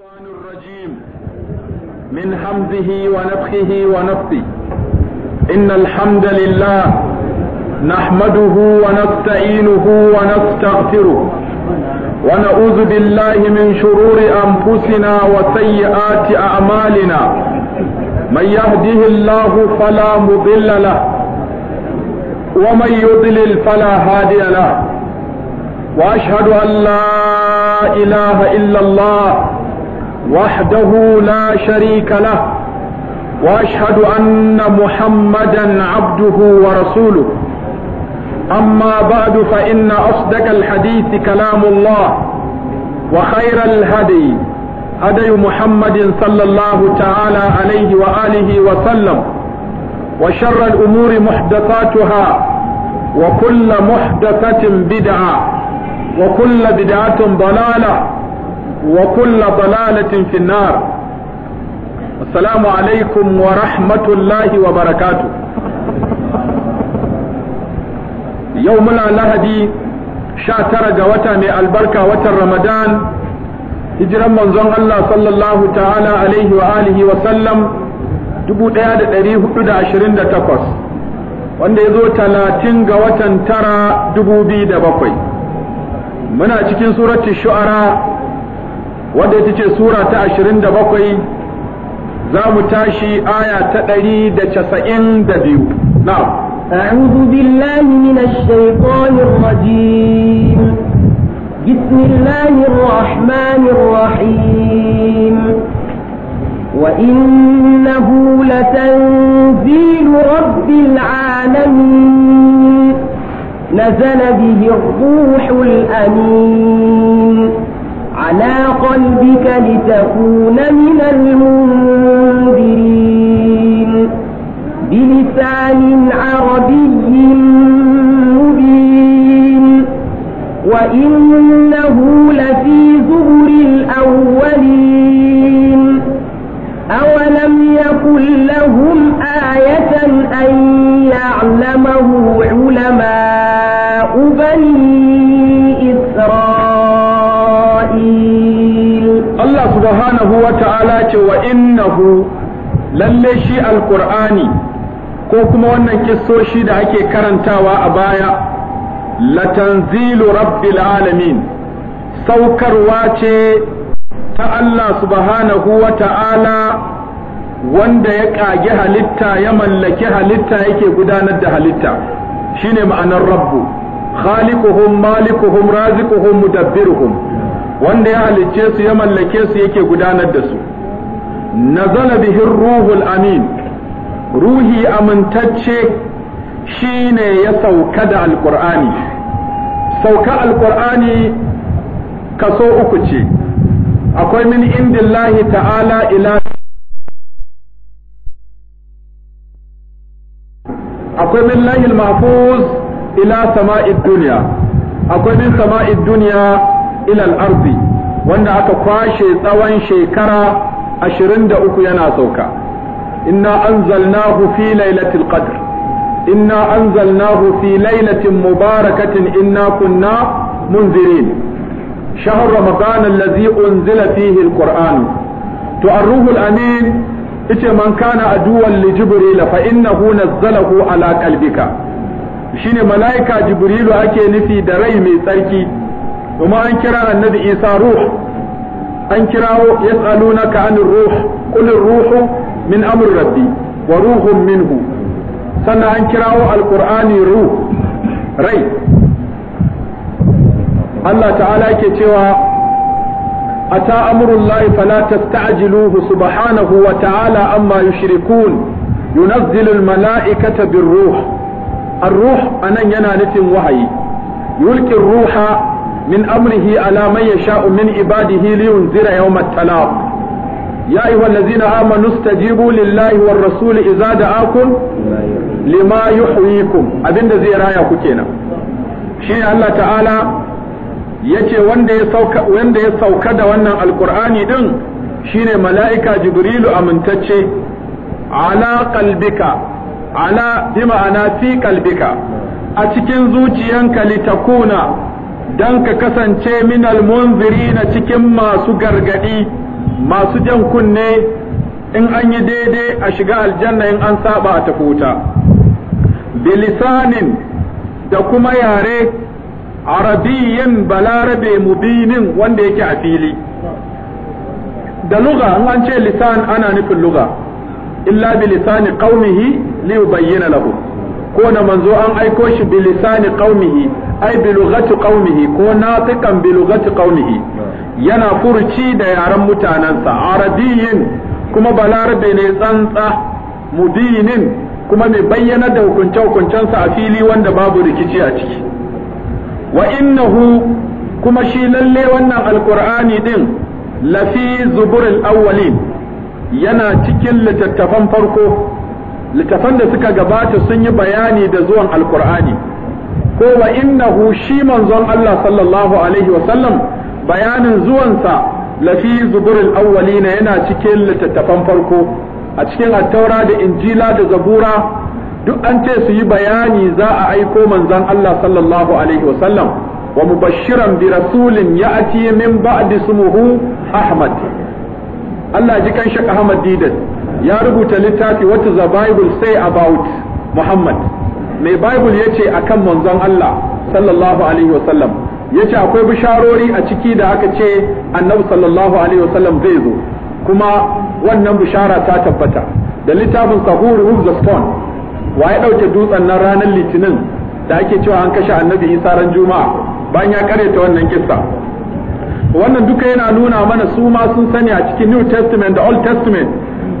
الشيطان الرجيم من حمده ونفخه ونفثه إن الحمد لله نحمده ونستعينه ونستغفره ونعوذ بالله من شرور أنفسنا وسيئات أعمالنا من يهده الله فلا مضل له ومن يضلل فلا هادي له وأشهد أن لا إله إلا الله وحده لا شريك له واشهد ان محمدا عبده ورسوله اما بعد فان اصدق الحديث كلام الله وخير الهدي هدي محمد صلى الله تعالى عليه واله وسلم وشر الامور محدثاتها وكل محدثه بدعه وكل بدعه ضلاله وكل ضلالة في النار السلام عليكم ورحمة الله وبركاته يومنا لهدي شاتر جوتا من البركة وتر رمضان هجرا من زن الله صلى الله تعالى عليه وآله وسلم dubu ɗaya da ɗari hudu da ashirin da takwas wanda ya zo talatin ga watan tara dubu biyu da bakwai muna cikin suratul shu'ara wanda ita ce sura ta 27 za mu tashi aya ta 192 na'am أعوذ بالله من الشيطان الرجيم بسم الله الرحمن الرحيم وإنه لتنزيل رب العالمين نزل به الروح الأمين على قلبك لتكون من المنذرين بلسان عربي مبين وإنه wa ta'ala ce wa innahu lalle shi alkur'ani ko kuma wannan kissoshi da ake karantawa a baya latanzilu rabbil alamin saukarwa ce ta Allah subhanahu wa ta'ala wanda ya kage halitta ya mallaki halitta yake gudanar da halitta shine ma'anar rabbu khaliquhum malikuhum raziquhum mudabbiruhum wanda ya halicce su ya mallake su yake gudanar da su nazala bihin ruhul amin ruhi amintacce shine ya sauka da alqur'ani sauka alkur'ani kaso uku ce akwai min indillahi ta'ala ila akwai min lahil mahfuz ila sama'id duniya akwai min sama'id duniya ilal arzi wanda aka kwashe tsawon shekara uku yana sauka inna anzalnahu fi lailatul qadr inna anzalnahu fi lailatin mubarakatin inna kunna munzirin shahr ramadan allazi unzila fihi al to ar-ruhul amin ice man kana aduwan li jibril fa innahu nazzalahu ala qalbika shine malaika jibrilu ake nufi da rai mai tsarki kuma an kira annabi isa ruh an kirawo yas'alunaka anir ruh qul ruhu min amri rabbi wa ruhun minhu sannan an kirawo alqur'ani ruh rai Allah ta'ala ke cewa أتى أمر الله فلا تستعجلوه سبحانه وتعالى أما يشركون ينزل الملائكة بالروح الروح أنا ينالت وحي يلقي الروح min amrihi ala man yasha'u min ibadihi liyunzira yawmat talaq ya ayyuhallazina amanu istajibu lillahi war rasul idza da'akum lima yuhyikum abinda zai raya ku kenan shi Allah ta'ala yace wanda ya sauka wanda ya sauka da wannan alqur'ani din shine mala'ika jibrilu amintacce ala fi qalbika a cikin zuciyanka litakuna Dan ka kasance min munziri na cikin masu gargadi masu jan kunne in an yi daidai a shiga aljanna in an saba a tafuta bilisanin da kuma yare arabiyyin balarabe mubinin wanda yake a fili da luga in an ce lisan ana nufin luga illa bilisani qaumihi li yubayyana lahum ko na manzo an aiko shi bi lisani qaumihi ai bi lughati qaumihi ko natiqan bi lughati qaumihi yana furci da yaren mutanansa arabiyin kuma balarabe ne tsantsa mudinin kuma mai bayyana da hukunce-hukuncensa a fili wanda babu rikici a ciki wa innahu kuma shi lalle wannan alkur'ani din lafi zuburil awwalin yana cikin littattafan farko littafan da suka gabata sun yi bayani da zuwan alkur'ani ko wa innahu shi manzon Allah sallallahu alaihi wasallam bayanin zuwansa lafi zuburil awwalina yana cikin littattafan farko a cikin attaura da injila da zabura duk an ce su yi bayani za a aiko manzon Allah sallallahu alaihi wasallam wa mubashiran bi rasulin ya'ti min ba'di smuhu ahmad Allah ji kan shaka Ahmad Didas ya rubuta littafi what the bible say about muhammad mai bible yace akan manzon Allah sallallahu alaihi wasallam yace akwai bisharori a ciki da aka ce annabi sallallahu alaihi wasallam zai zo kuma wannan bishara ta tabbata da littafin sahur of the stone wa ya dauke dutsen nan ranar litinin da ake cewa an kashe annabi isa ran juma'a bayan ya karyata wannan kissa wannan duka yana nuna mana su ma sun sani a cikin new testament da old testament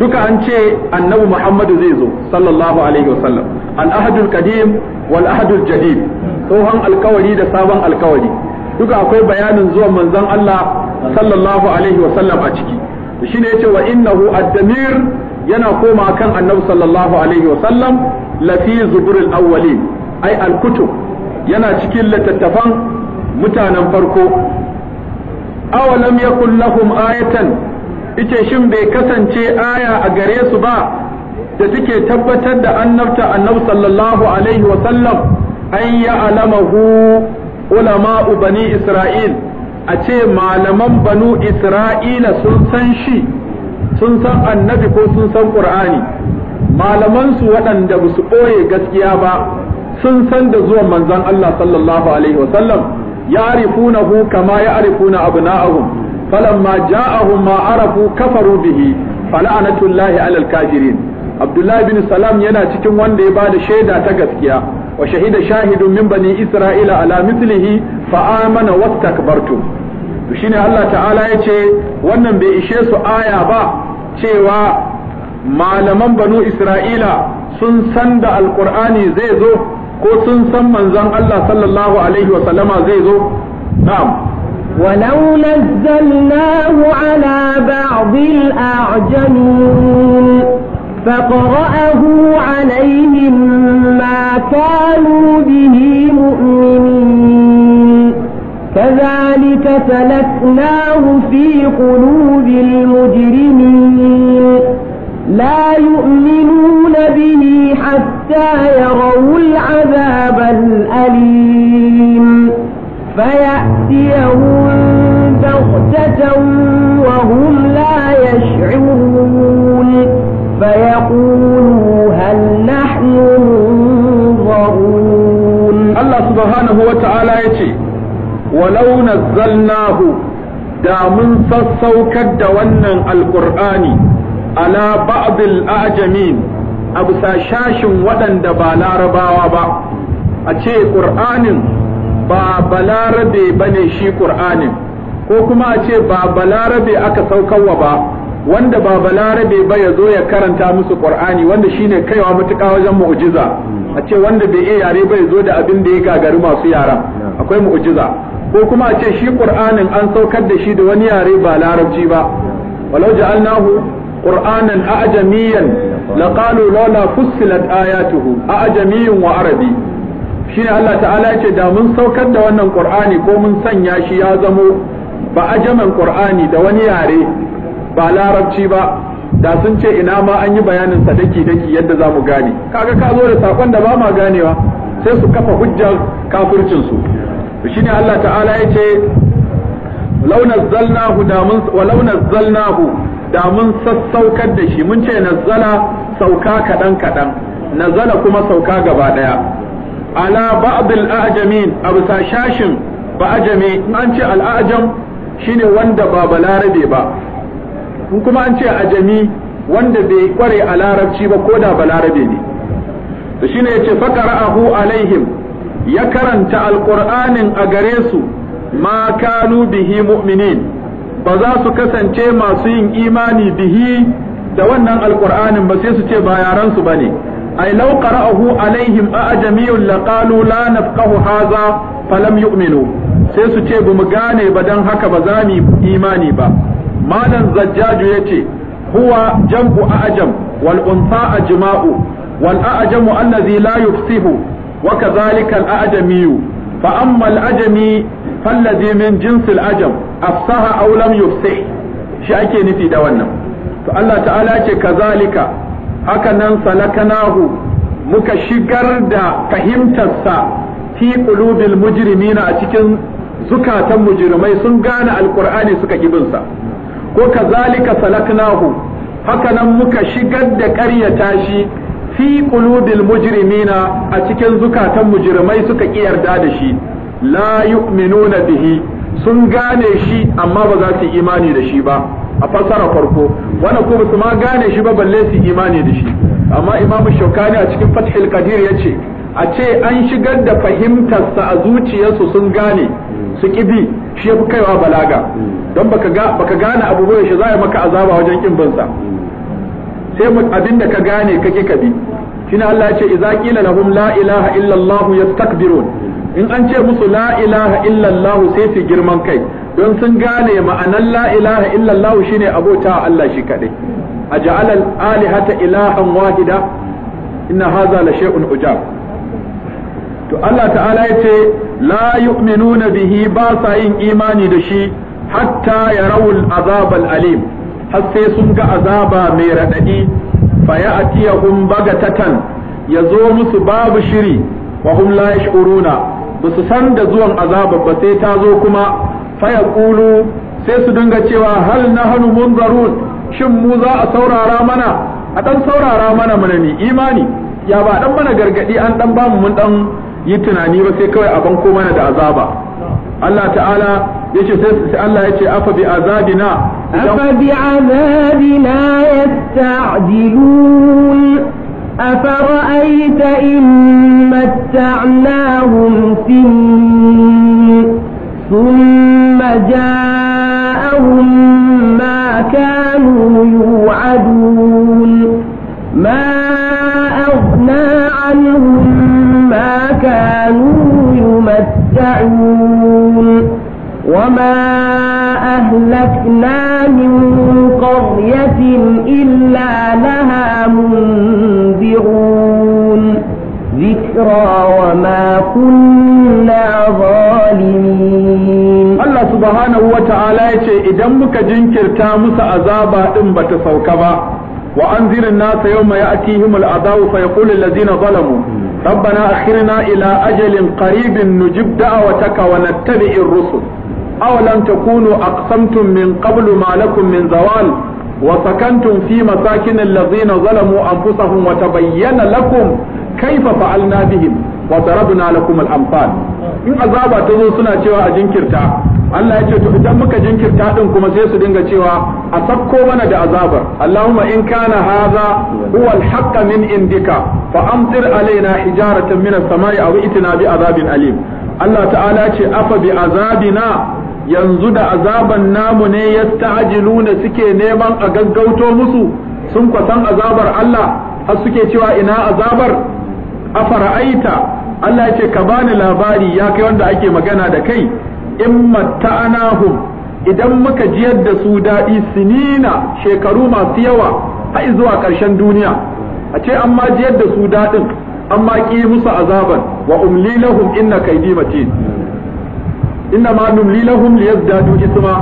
duka an ce annabi Muhammadu zai zo sallallahu alaihi wasallam al-ahadul qadim wal ahadul jadid tsohon alkawari da sabon alkawari duka akwai bayanin zuwan manzon Allah sallallahu alaihi wasallam a ciki shine yace wa innahu ad-damir yana koma kan annabi sallallahu alaihi wasallam lafi zuburil awwalin ai al-kutub yana cikin littattafan mutanen farko awalam yakul lahum ayatan ita shin bai kasance aya a gare su ba da take tabbatar da annabta annab sallallahu alaihi wa sallam an ya'lamahu ulama bani isra'il a ce malaman banu isra'ila sun san shi sun san annabi ko sun san qur'ani malaman su waɗanda ba su ɓoye gaskiya ba sun san da zuwan manzon Allah sallallahu alaihi wa sallam ya'rifunahu kama ya'rifuna abna'ahum falamma ja'ahum ma arafu kafaru bihi fala'anatullahi alal kafirin abdullahi bin yana cikin wanda ya bada shaida ta gaskiya wa shahida shahidun min bani isra'ila ala mithlihi fa amana wastakbartum to shine Allah ta'ala yace wannan bai ishe su aya ba cewa malaman banu isra'ila sun san da alqur'ani zai zo ko sun san manzon Allah sallallahu alaihi wa sallama zai zo na'am ولو نزلناه على بعض الأعجمين فقرأه عليهم ما كانوا به مؤمنين كذلك سلكناه في قلوب المجرمين لا يؤمنون به حتى يروا العذاب الأليم فيأتيهم بغتة وهم لا يشعرون فيقولوا هل نحن منظرون الله سبحانه وتعالى يتي ولو نزلناه da mun sassaukar da wannan alkur'ani ala ba'dil ajamin a bisa waɗanda ba larabawa ba a ce ƙur'anin ba balarabe ba ne shi ƙur'anin ko kuma a ce ba balarabe aka saukarwa ba wanda ba balarabe ba ya zo ya karanta musu qur'ani wanda shine kaiwa matuƙa wajen mu'jiza a ce wanda bai iya yare ba ya zo da abin da ya gagari masu yara akwai mu'jiza ko kuma a ce shi qur'anin an saukar da shi da wani yare ba larabci ba walau ja'alnahu qur'anan a'jamiyan laqalu lawla fussilat ayatuhu a'jamiyun wa arabi shine Allah ta'ala yace, da mun saukar da wannan qur'ani ko mun sanya shi ya zamo ba ajaman qur'ani da wani yare ba larabci ba da sun ce ina ma an yi bayanin sa daki daki yadda za mu gane kaga ka zo da sakon da ba ma ganewa sai su kafa hujjar kafircin su shine Allah ta'ala ya ce law da mun walau nazzalnahu da mun sassaukar da shi mun ce nazzala sauka kaɗan, kadan nazala kuma sauka gaba daya ala ba'd al-a'jamin abu sashashin ba'ajame in an ce al shine wanda ba balarabe ba in kuma an ce ajami wanda bai kware a larabci ba ko da balarabe ne to shine yace faqara'ahu alaihim ya karanta alqur'anin a gare su ma kanu bihi mu'minin ba za su kasance masu yin imani bihi da wannan alqur'anin ba sai su ce ba yaran su bane ai law qara'ahu alaihim a ajamiyun laqalu la nafqahu hadha falam sai su ce bamu gane ba dan haka ba za mu imani ba malam zajjaju yace huwa jam'u a'jam wal unsa ajma'u wal a'jamu allazi la yufsihu wa kadhalika al a'jamiyu fa amma al ajami fallazi min jinsil ajam afsaha aw lam yufsih shi ake nufi da wannan to Allah ta'ala ce kazalika haka nan salakanahu muka shigar da fahimtarsa fi qulubil mujrimina a cikin zukatan mujrimai sun gane alƙur'ani suka kibinsa ko kazalika salaknahu haka nan muka shigar da ƙaryata shi fi qulubil mujrimina a cikin zukatan mujrimai suka yarda da shi la yu'minuna bihi sun gane shi amma ba za su imani da shi ba a fassara farko wannan kuma su ma gane shi ba balle su imani da shi amma imamu shaukani a cikin fathil kadir ya ce a ce an shigar da fahimtarsa a zuciyarsu sun gane su kibi shi ya fi kaiwa balaga don baka gane abubuwan shi za a maka azaba wajen kin binsa sai abin da ka gane kake kabi na Allah ya ce iza qila lahum la ilaha illa Allah yastakbirun in an ce musu la ilaha illa sai su girman kai don sun gane ma'anan la ilaha illallah shine abota Allah shi kadai aj'ala al-alihata ilahan wahida inna haza la shay'un ujab to Allah ta'ala yace la yu'minuna bihi ba sa yin imani da shi hatta yarawul rawul al-alim har sai sun ga azaba mai radadi fa ya'tiyahum bagatatan yazo musu babu shiri wa hum la yash'uruna ba su san da zuwan azaba ba sai ta zo kuma fayaqulu sai su dinga cewa hal nahnu munzarun shin mu za a saurara mana a dan saurara mana mana ne imani ya ba dan mana gargadi an dan bamu mun dan yi tunani ba sai kawai a banko mana da azaba Allah ta'ala yace sai Allah yace afa bi azabina afa bi azabina yasta'jilun أفرأيت in matta'nahum سنين ثم جاءهم ما كانوا يوعدون ما أغنى عنهم ما كانوا يمتعون وما أهلكنا من قرية إلا لها منذرون ذكرى وما كنا ظالمين subhanahu wa ta'ala ya ce idan muka jinkirta musu azaba din bata sauka ba wa na nasa yawma ya'tihim azabu fa yaqulu allazina zalamu rabbana akhirna ila ajalin qaribin nujib da'awataka wa nattabi'ir rusul aw lam takunu aqsamtum min qablu ma lakum min zawal wa sakantum fi masakin allazina zalamu anfusahum wa tabayyana lakum kayfa fa'alna bihim wa darabna lakum al-amsal in azaba ta zo suna cewa a jinkirta Allah ya ce to idan muka jinkirta din kuma sai su dinga cewa a sakko mana da azabar Allahumma in kana hadha huwa al min indika fa amtir alaina hijaratan min as-sama'i aw itina bi azabin alim Allah ta'ala ce afa bi azabina yanzu da azaban namu ne yasta'jiluna suke neman a gaggauto musu sun kwasan azabar Allah har suke cewa ina azabar afara'aita Allah ya ce ka bani labari ya kai wanda ake magana da kai in matta'anahum idan muka jiyar da su daɗi sinina shekaru masu yawa har zuwa ƙarshen duniya a ce an ma jiyar da su daɗin an ma ƙi musu azaban wa umli lahum inna kaidi matin inna ma numli lahum liyazdadu isma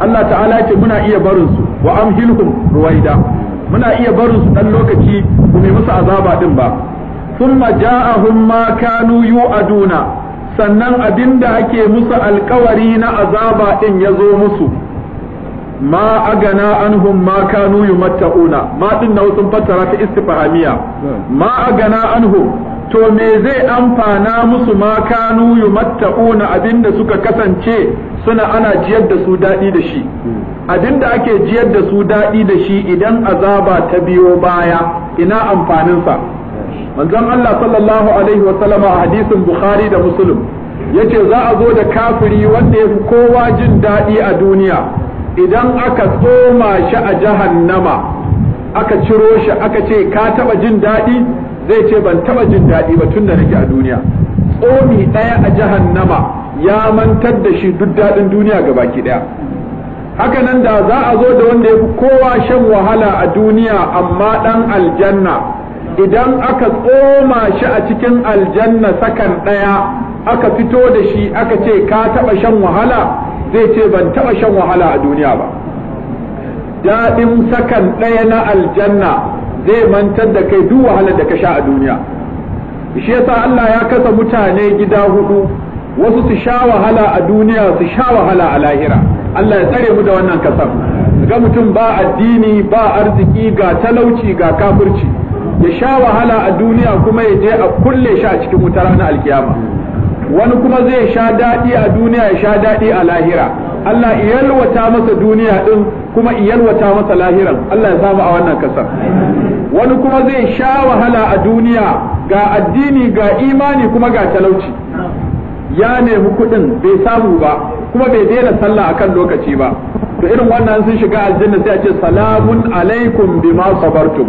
Allah ta'ala ce muna iya barin su wa amhilhum ruwaida muna iya barin su dan lokaci mu musu azaba din ba thumma ja'ahum ma kanu yu'aduna sannan abin da ake musu alkawari na azaba din ya zo musu ma agana anhum ma kanu yumatta'una ma din na wasu fassara ta istifahamiya ma agana anhum to me zai amfana musu ma kanu abin da suka kasance suna ana jiyar da su daɗi da shi Abin da ake jiyar da su daɗi da shi idan azaba ta biyo baya ina amfaninsa manzon Allah sallallahu alaihi wa sallama a hadisin Bukhari da Muslim yace za a zo da kafiri wanda yafi kowa jin daɗi a duniya idan aka tsoma shi a jahannama aka ciro shi aka ce ka taba jin daɗi zai ce ban taba jin daɗi ba tun da nake a duniya tsomi ɗaya a jahannama ya mantar da shi duk daɗin duniya ga baki ɗaya haka nan da za a zo da wanda ya kowa shan wahala a duniya amma ɗan aljanna idan aka tsoma shi a cikin aljanna sakan ɗaya aka fito da shi aka ce ka taɓa shan wahala zai ce ban taɓa shan wahala a duniya ba daɗin sakan ɗaya na aljanna zai mantar da kai duk wahalar da ka sha a duniya shi yasa Allah ya kasa mutane gida hudu wasu su sha wahala a duniya su sha wahala a lahira Allah ya tsare mu da wannan kasar ga mutum ba addini ba arziki ga talauci ga kafirci ya sha wahala a duniya kuma ya je a kulle shi a cikin wuta ranar alkiyama wani kuma zai sha daɗi a duniya ya sha daɗi a lahira Allah iyalwata masa duniya ɗin kuma iyalwata masa lahiran Allah ya samu a wannan kasar wani kuma zai sha wahala a duniya ga addini ga imani kuma ga talauci ya nemi kuɗin bai samu ba kuma bai daina sallah akan lokaci ba to irin wannan sun shiga aljanna sai a ce salamun alaikum bima sabartum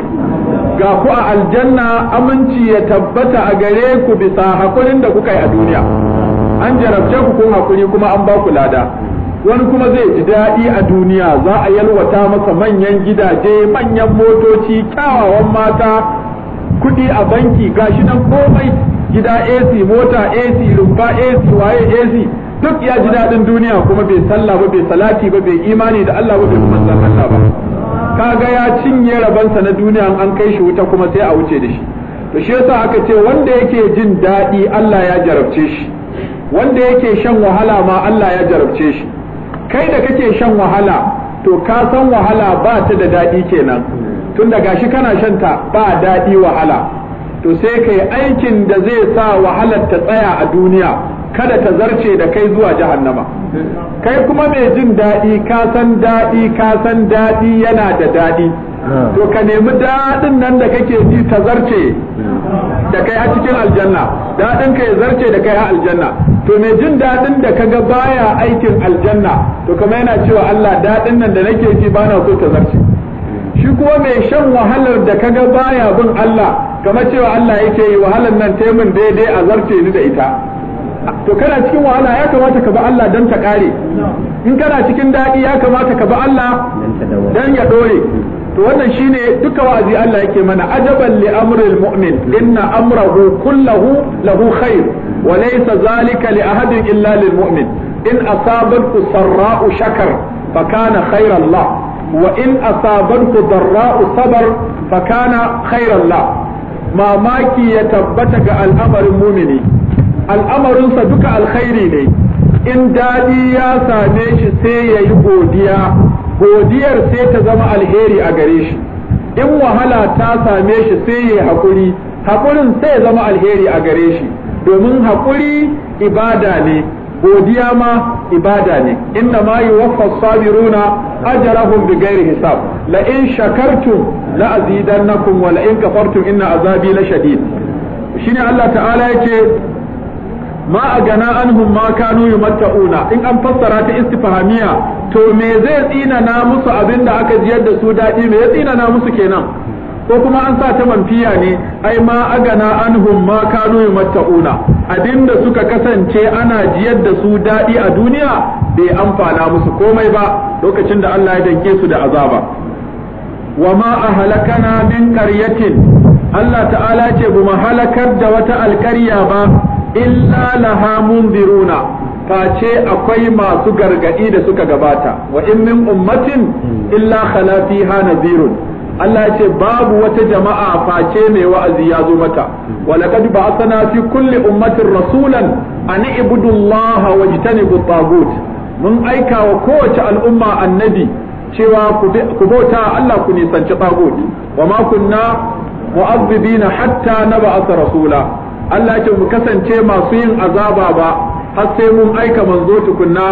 ga ku a aljanna aminci ya tabbata a gare ku bisa hakurin da kuka yi a duniya an jarabce ku kun hakuri kuma an ba ku lada wani kuma zai ji daɗi a duniya za a yalwata masa manyan gidaje manyan motoci kyawawan mata kuɗi a banki gashi nan komai gida AC mota AC rumfa AC waye AC duk ya ji daɗin duniya kuma bai sallah ba bai salati ba bai imani da Allah ba bai kuma Allah ba kaga ya cinye rabansa na duniya an kai shi wuta kuma sai a wuce da shi to shi yasa aka ce wanda yake jin daɗi Allah ya jarabce shi wanda yake shan wahala ma Allah ya jarabce shi kai da kake shan wahala to ka san wahala ba ta da daɗi kenan tun da gashi kana shanta ba daɗi wahala to sai kai aikin da zai sa wahalar ta tsaya a duniya kada ta zarce da kai zuwa jahannama kai kuma mai jin daɗi ka san daɗi ka san daɗi yana da daɗi to ka nemi daɗin nan da kake ji ta zarce da kai a cikin aljanna daɗin ka ya zarce da kai a aljanna to mai jin daɗin da kaga baya aikin aljanna to kamar yana cewa Allah daɗin nan da nake ji bana so ta zarce shi kuma mai shan wahalar da kaga baya bin Allah kamar cewa Allah yake yi wahalar nan taimun daidai a zarce ni da ita to kana cikin wahala ya kamata ka bi Allah dan ta kare in kana cikin daɗi ya kamata ka bi Allah dan ya ɗore, to wannan shine duka wa'azi Allah yake mana ajaban li amril mu'min inna amrahu kullahu lahu khair wa laysa zalika li ahadin illa lil mu'min in asabatku sarra'u shakar fa kana khairan Allah. وإن أصابته ضراء صبر فكان خيرا له mamaki ya tabbata ga al'amarin mumini al'amarinsa duka alkhairi ne in daɗi ya same shi sai ya yi godiya godiyar sai ta zama alheri a gare shi in wahala ta same shi sai ya haƙuri haƙurin sai ya zama alheri a gare shi domin haƙuri ibada ne godiya ma ibada ne inna ma yuwaffa sabiruna ajrahum bighairi hisab la in shakartum la azidannakum wa la in kafartum inna azabi la shadid shine Allah ta'ala yake ma agana anhum ma kanu yumatta'una in an fassara ta istifhamiya to me zai tsina na musu abinda aka jiyar da su dadi me ya tsina na musu kenan ko kuma an sa ta manfiya ne ai ma agana anhum ma kanu yumattauna abinda suka kasance ana jiyar da su dadi a duniya bai amfana musu komai ba lokacin da Allah ya danke su da azaba wa ma ahlakana min qaryatin Allah ta'ala ce bu halakar da wata alkarya ba illa laha munziruna face akwai masu gargadi da suka gabata wa in min ummatin illa khala fiha Allah ya ce babu wata jama'a face mai wa'azi ya zo mata hmm. walaqad ba'athna fi kulli ummatin rasulan an ibudu Allah wa tagut mun aika wa kowace al'umma annabi cewa ku bauta Allah ku nisanci tagut wa ma kunna mu'azzibina hatta nab'atha rasula Allah ya ce mu kasance masu yin azaba ba har sai mun aika manzo tukunna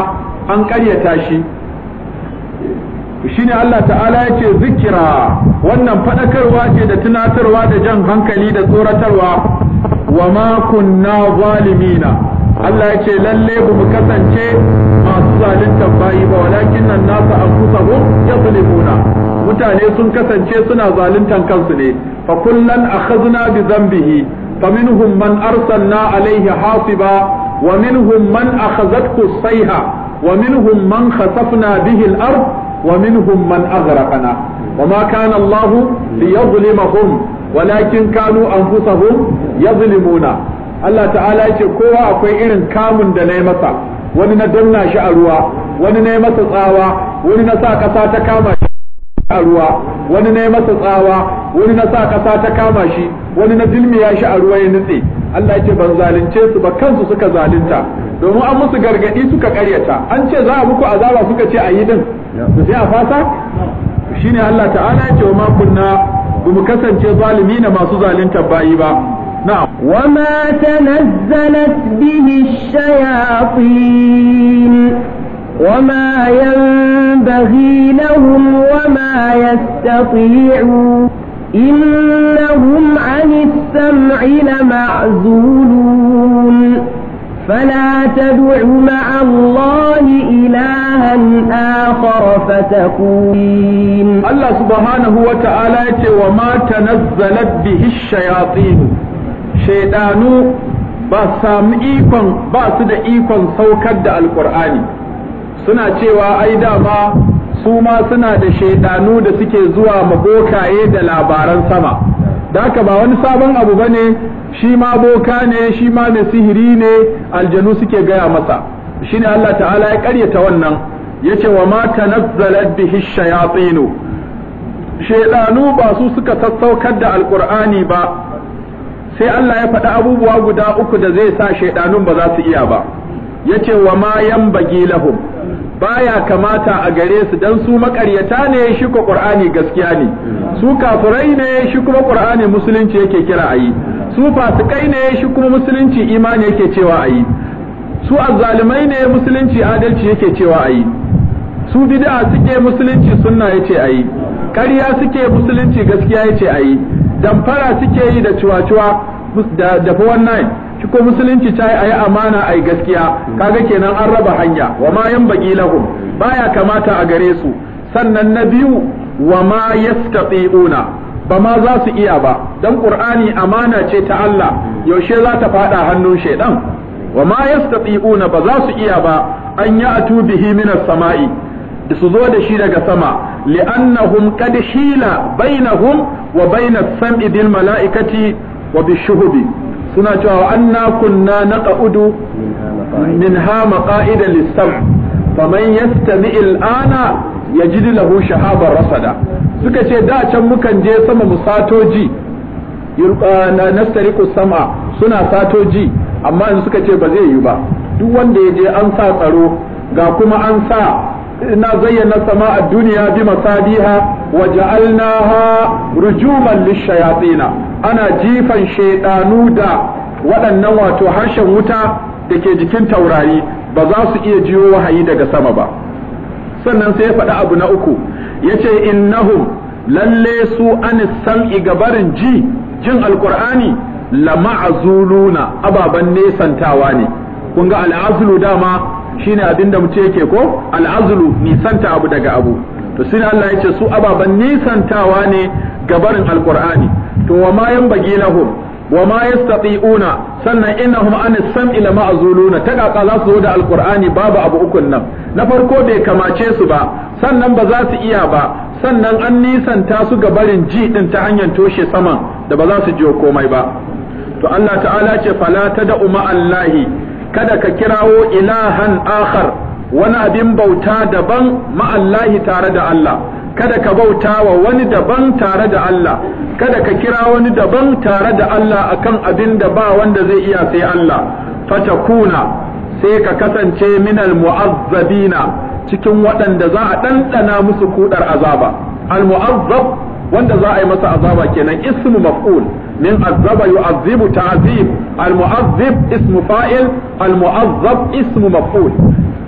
an ƙaryata shi shine Allah ta'ala ya ce zikira wannan faɗakarwa ce da tunatarwa da jan hankali da tsoratarwa wa ma kunna zalimina Allah ya ce lalle ba mu kasance masu zalunta bayi ba walakin nan nasa anfusahum yadhlimuna mutane sun kasance suna zaluntan kansu ne fa kullan akhadna bi dhanbihi فمنهم من أرسلنا عليه حاصبا ومنهم من wa الصيحة ومنهم من خسفنا به الأرض ومنهم من أغرقنا وما كان الله ليظلمهم ولكن كانوا أنفسهم يظلمون Allah ta'ala ya ce kowa akwai irin kamun da na yi masa wani na danna shi a ruwa wani na yi masa tsawa wani na sa ƙasa ta kama shi a ruwa wani na masa tsawa wani na sa ƙasa ta kama shi wani na dilmiya shi a ruwa ya nutse Allah ce ban zalunce su ba kansu suka zalunta domin an musu gargadi suka karyata an ce za a muku azaba suka ce a yi din sai a fasa shine Allah ta'ala ce wa ma kunna bamu kasance na masu zalunta bayi ba na'am وما تنزلت wa الشياطين وما ينبغي wa وما يستطيعون إنهم عن السمع لمعزولون فلا تدع مع الله إلها آخر فتكون الله سبحانه وتعالى وما تنزلت به الشياطين شيطان ba sami ikon ba su da ikon saukar da alkur'ani suna cewa ai dama su ma suna da shaidanu da suke zuwa mabokaye da labaran sama da haka ba wani sabon abu ba ne shi ma boka ne shi ma mai sihiri ne aljanu suke gaya masa shi ne Allah ta'ala ya karyata wannan ya ce wa ma tanazzalat bihi shayatsinu shaidanu ba su suka sassaukar da alkur'ani ba sai Allah ya faɗi abubuwa guda uku da zai sa shaidanun ba za su iya ba ya ce wa ma yan lahum baya kamata a gare su dan su makaryata ne shi ko qur'ani gaskiya ne su kafirai ne shi kuma qur'ani musulunci yake kira ayi su fasikai ne shi kuma musulunci imani yake cewa ayi su azzalimai ne musulunci adalci yake cewa ayi su bid'a suke musulunci sunna yace ayi ƙarya suke musulunci gaskiya yace ayi damfara suke yi da cuwa-cuwa da 419 shi ko musulunci ta yi a yi amana a yi gaskiya kaga kenan an raba hanya wa ma yan baki lahum baya kamata a gare su sannan na biyu wa ma yastati'una ba ma za su iya ba dan qur'ani amana ce ta Allah yaushe za ta fada hannun shaiɗan wa ma yastati'una ba za su iya ba an ya'tu bihi minas sama'i da su zo da shi daga sama li'annahum qad shila bainahum wa bainas sam'i bil mala'ikati wa bishuhbi suna cewa anna kunna min ha maqa'ida lis fa faman yastami' al-ana yajid lahu shahaban rasada suka ce da can mukan je sama mu satoji ah, nastariqu sama suna satoji amma yanzu suka ce ba zai yi ba duk wanda ya je an sa tsaro ga kuma an sa إنا زينا السماء الدنيا بمصابيها وجعلناها رجوما للشياطين Ana jifan شيطانو da waɗannan wato harshen wuta da ke jikin taurari ba za su iya jiyo wahayi daga sama ba sannan sai ya faɗi abu na uku ya ce innahum lalle su an sam'i gabarin ji jin alkur'ani la ababen nesantawa ne kun ga al'azulu dama shine abin da mutum yake ko al'azlu nisanta abu daga abu to sai Allah ya ce su ababen nisantawa ne gabarin alqur'ani to wa ma yanbaghi lahum wa ma yastati'una sannan innahum an sam'i la ma'zuluna ta kaka za su zo da alqur'ani babu abu ukun nan na farko bai kamace su ba sannan ba za su iya ba sannan an nisanta su gabarin ji din ta hanyar toshe sama da ba za su jiyo komai ba to Allah ta'ala ce fala tad'u ma'allahi kada ka kirawo ilahan akhar wani abin bauta daban ma'allahi tare da Allah kada ka bauta wa wani daban tare da Allah kada ka kira wani daban tare da Allah akan abin da ba wanda zai iya sai Allah fatakuna sai ka kasance minal mu'azzabina cikin waɗanda za a ɗanɗana musu kuɗar azaba al mu'azzab wanda za a yi masa azaba kenan ismu maf'ul min azaba yu'azzibu ta'zib al-mu'azzib ismu fa'il al-mu'azzab ismu maf'ul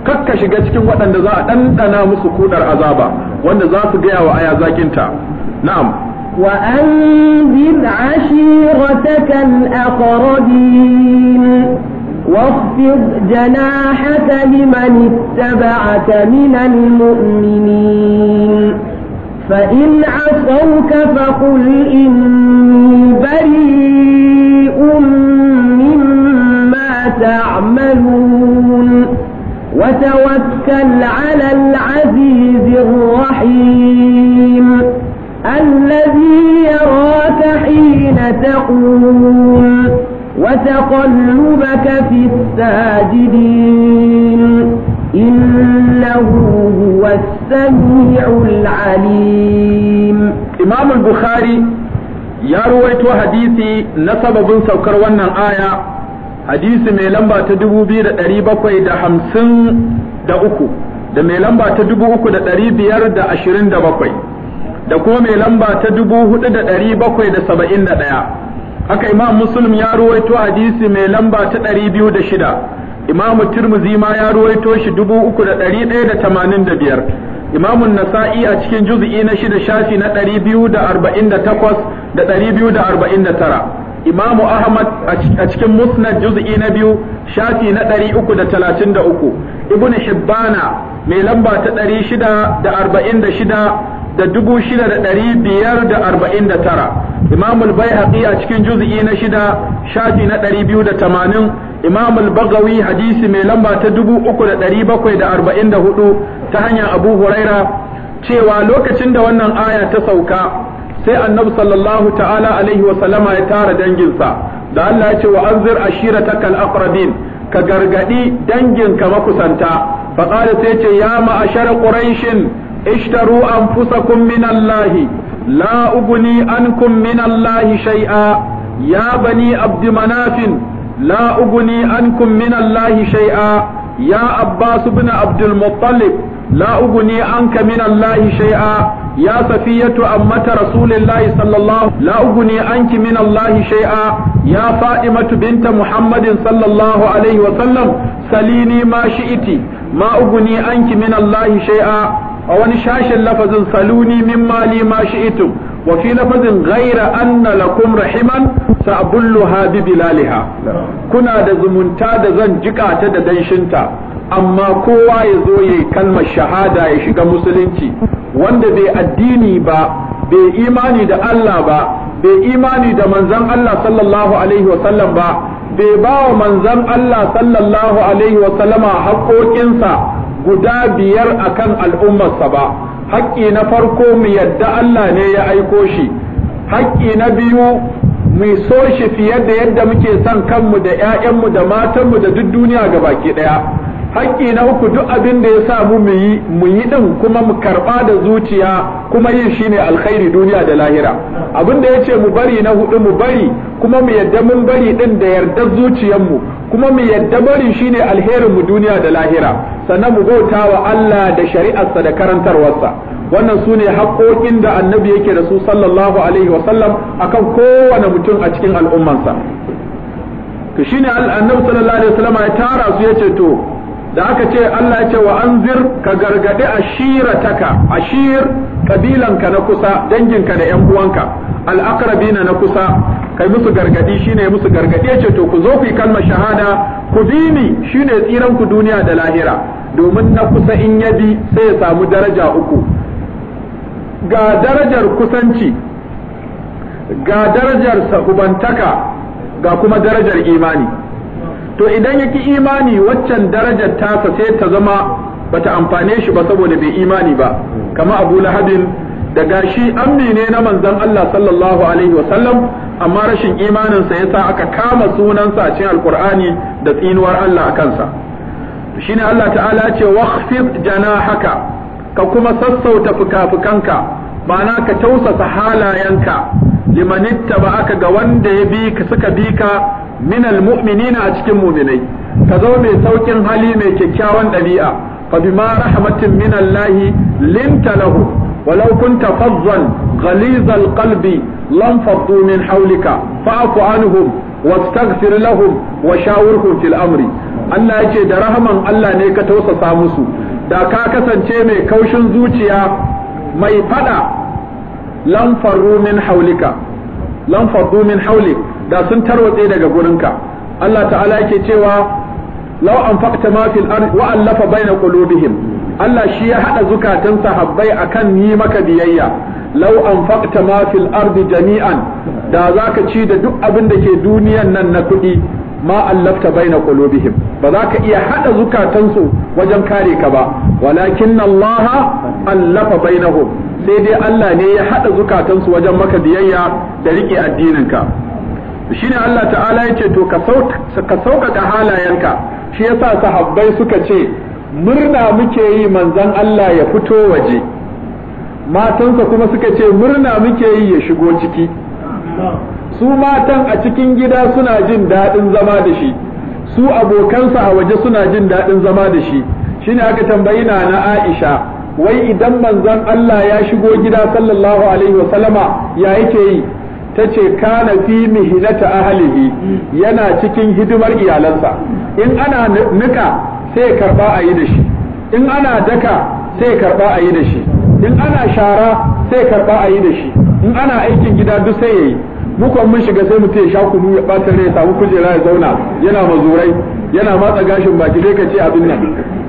kakka shiga cikin waɗanda za a ɗanɗana musu kudar azaba wanda za su gaya wa aya zakinta na'am wa anzir ashiratakal aqrabin واخفض جناحك لمن اتبعك من المؤمنين فإن عصوك فقل إني بريء مما تعملون وتوكل على العزيز الرحيم الذي يراك حين تقوم وتقلبك في الساجدين إنه هو السميع العليم إمام البخاري يا رويت حديثي نسبب سوكر ونن آية حديث ميلمبا تدبو بير قريبا كويدا حمسن دا أكو da mai lamba ta dubu uku da ɗari biyar da ashirin da bakwai da kuma mai lamba ta dubu hudu da ɗari bakwai da saba'in da ɗaya haka imam muslim ya ruwaito hadisi mai lamba ta ɗari biyu da shida imamu tirmizi ma ya ruwaito shi dubu uku da ɗari ɗaya da tamanin da biyar imamu nasa'i a cikin juz'i na shida shafi na ɗari biyu da arba'in da takwas da ɗari biyu da arba'in da tara imamu ahmad a cikin musnad juz'i na biyu shafi na ɗari uku da talatin da uku ibn hibbana mai lamba ta ɗari shida da arba'in da shida da dubu shida da ɗari biyar da arba'in da tara imamul al-bayhaqi a cikin juz'i na shida shafi na ɗari da imam imamul bagawi hadisi mai lamba ta dubu uku da da da ɗari bakwai arba'in hudu ta hanyar abu huraira cewa lokacin da wannan aya ta sauka sai annabi sallallahu ta'ala ya tara danginsa da Allah ya ce wa anzir ashiratakal aqrabin ka gargadi danginka makusanta faqala sai ce ya ma'ashara quraishin ishtaru anfusakum min allahi لا أغني عنكم من الله شيئا يا بني عبد مناف لا أغني عنكم من الله شيئا يا عباس بن عبد المطلب لا أغني عنك من الله شيئا يا صفية أمة رسول الله صلى الله لا أغني عنك من الله شيئا يا فاطمة بنت محمد صلى الله عليه وسلم سليني ما شئت ما أغني عنك من الله شيئا a wani sashen lafazin saluni min mali ma shi'tum wa fi lafazin ghaira anna lakum rahiman sa'bulluha bi bilaliha kuna da zumunta da zan jika ta da danshinta amma kowa ya zo ya kalma shahada ya shiga musulunci wanda bai addini ba bai imani da Allah ba bai imani da manzon Allah sallallahu alaihi wasallam ba bai ba wa manzon Allah sallallahu alaihi wasallama haƙoƙinsa guda biyar a kan al'ummarsa ba haƙƙi na farko mu yadda Allah ne ya aiko shi haƙƙi na biyu mu so shi fiye da yadda muke son kanmu da 'ya'yanmu da matanmu da duk duniya ga baki ɗaya haƙƙi na uku duk abin da ya samu mu yi mu yi din kuma mu karɓa da zuciya kuma yin shine alkhairi duniya da lahira abin da ya ce mu bari na hudu mu bari kuma mu yadda mun bari din da yarda zuciyar mu kuma mu yadda bari shine alherin mu duniya da lahira sannan mu bauta wa Allah da shari'arsa da karantarwarsa wannan sune haƙoƙin da annabi yake da su sallallahu alaihi wa sallam akan kowane mutum a cikin al'ummansa to shine annabi sallallahu alaihi wa sallama ya tara su yace to da aka ce Allah ya ce wa anzir ka gargadi ashirataka ashir kabilanka na kusa danginka da yan uwanka al-aqrabina na kusa kai musu gargadi shine musu gargadi yace to ku zo ku yi kalmar shahada ku dini shine tsiran ku duniya da lahira domin na kusa in yabi sai ya samu daraja uku ga darajar kusanci ga darajar sakubantaka ga kuma darajar imani to idan ki imani waccan darajar tasa sai ta zama bata amfane shi ba saboda bai imani ba kama abu lahabin da gashi ammi ne na manzon Allah sallallahu alaihi sallam amma rashin imaninsa yasa aka kama sunansa a cikin alkur'ani da tsinuwar Allah a kansa shine Allah ta'ala ce waqfid janahaka ka kuma sassauta fukafukanka ma'ana ka tausasa halayenka ba aka ga wanda ya bi suka bi ka minal mu'minina a cikin mu'minai ka zo mai saukin hali mai kyakkyawan ɗabi'a fa bima rahmatin minallahi linta lahu walau kunta fazzan ghalizal qalbi lam faddu min hawlika fa'fu anhum wastaghfir lahum wa shawirhum fil amri Allah yace da rahaman Allah ne ka tausasa musu da ka kasance mai kaushin zuciya mai faɗa lam farru min hawlika lam faddu da sun tarwatse daga gurinka Allah ta'ala yake cewa law anfaqta ma fil ardi wa allafa baina qulubihim Allah shi ya hada zukatan sahabbai akan yi maka biyayya law anfaqta ma fil ardi jami'an da zaka ci da duk abin da ke duniyan nan na kuɗi ma allafta baina qulubihim ba za ka iya hada zukatansu wajen kare ka ba walakin Allah allafa bainahum sai dai Allah ne ya hada zukatansu wajen maka biyayya da rike addininka shine Allah ta'ala ya ce to ka sauƙaƙa halayenka shi yasa sahabbai suka ce murna muke yi manzon Allah ya fito waje matansa kuma suka ce murna muke yi ya shigo ciki su matan a cikin gida suna jin daɗin zama da shi su abokansa a waje suna jin daɗin zama da shi shine aka tambayi na na Aisha wai idan manzon Allah ya shigo gida sallallahu alaihi wa sallama ya yake yi ta ce kana fi mihinata ahlihi yana cikin hidimar iyalansa in ana nika sai karba a yi da shi in ana daka sai karba a yi da shi in ana shara sai karba a yi da shi in ana aikin gida duk sai yayi mukan mun shiga sai mutum ya sha kunu ya bata rai ya samu kujera ya zauna yana mazurai yana matsa gashin baki sai ka ce abin nan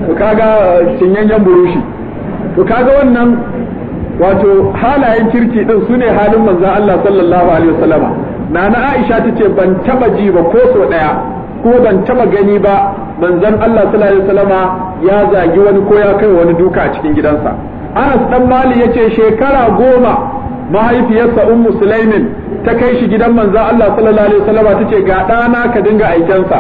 to kaga uh, cinyayyen burushi to kaga wannan wato halayen kirki din ne halin manzan Allah sallallahu alaihi wasallama na Aisha ta ce ban taba ji ba ko so ɗaya ko ban taba gani ba manzon Allah sallallahu alaihi wasallama ya zagi wani ko ya kai wani duka a cikin gidansa Anas dan Mali yace shekara goma mahaifiyarsa Ummu Sulaimin ta kai shi gidan manzan Allah sallallahu alaihi wasallama tace ga ɗana ka dinga aikensa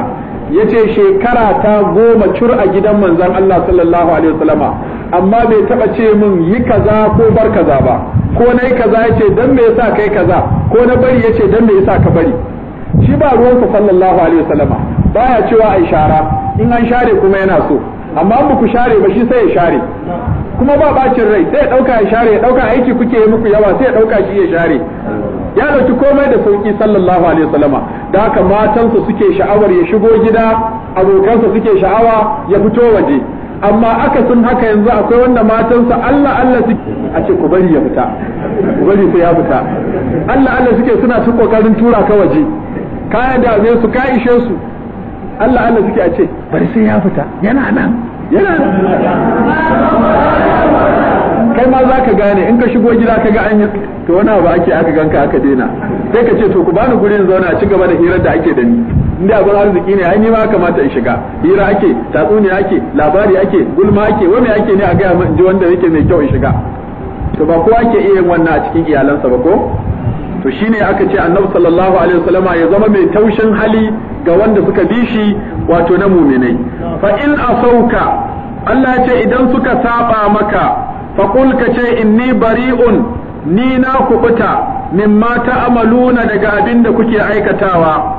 yace shekara ta goma cur a gidan manzon Allah sallallahu alaihi wasallama amma bai taba ce min yi kaza ko bar kaza ba ko na yi kaza yace dan me yasa kai kaza ko na bari yace dan me yasa ka bari shi ba ruwansa sallallahu alaihi wasallama baya cewa ai shara in an share kuma yana so amma ba ku share ba shi sai ya share kuma ba bacin rai sai ya dauka ya share ya dauka aiki kuke yi muku yawa sai ya dauka shi ya share ya dauki komai da sauki sallallahu alaihi wasallama da haka matansa suke sha'awar ya shigo gida abokansa suke sha'awa ya fito waje amma aka sun haka yanzu akwai wanda matansa Allah Allah suke a ce ku bari ya fita ku bari sai ya fita Allah Allah suke suna su kokarin tura ka waje ka dame su ka ishe su Allah Allah suke a ce bari sai ya fita yana nan yana nan kai ma za ka gane in ka shigo gida ka ga an to wani abu ake aka ganka aka daina sai ka ce to ku bani gurin zauna ci gaba da hirar da ake da ni inda abin arziki ne ai ma kamata in shiga hira ake tatsuniya ake labari ake gulma ake wani ake ne a gaya min ji wanda yake mai kyau in shiga to ba kowa ke iya yin wannan a cikin iyalansa ba ko to shine aka ce annabi sallallahu alaihi wasallam ya zama mai taushin hali ga wanda suka bi shi wato na muminai fa in asauka Allah ya ce idan suka saba maka faqul ka ce inni bari'un ni na kubuta mimma amaluna daga abinda kuke aikatawa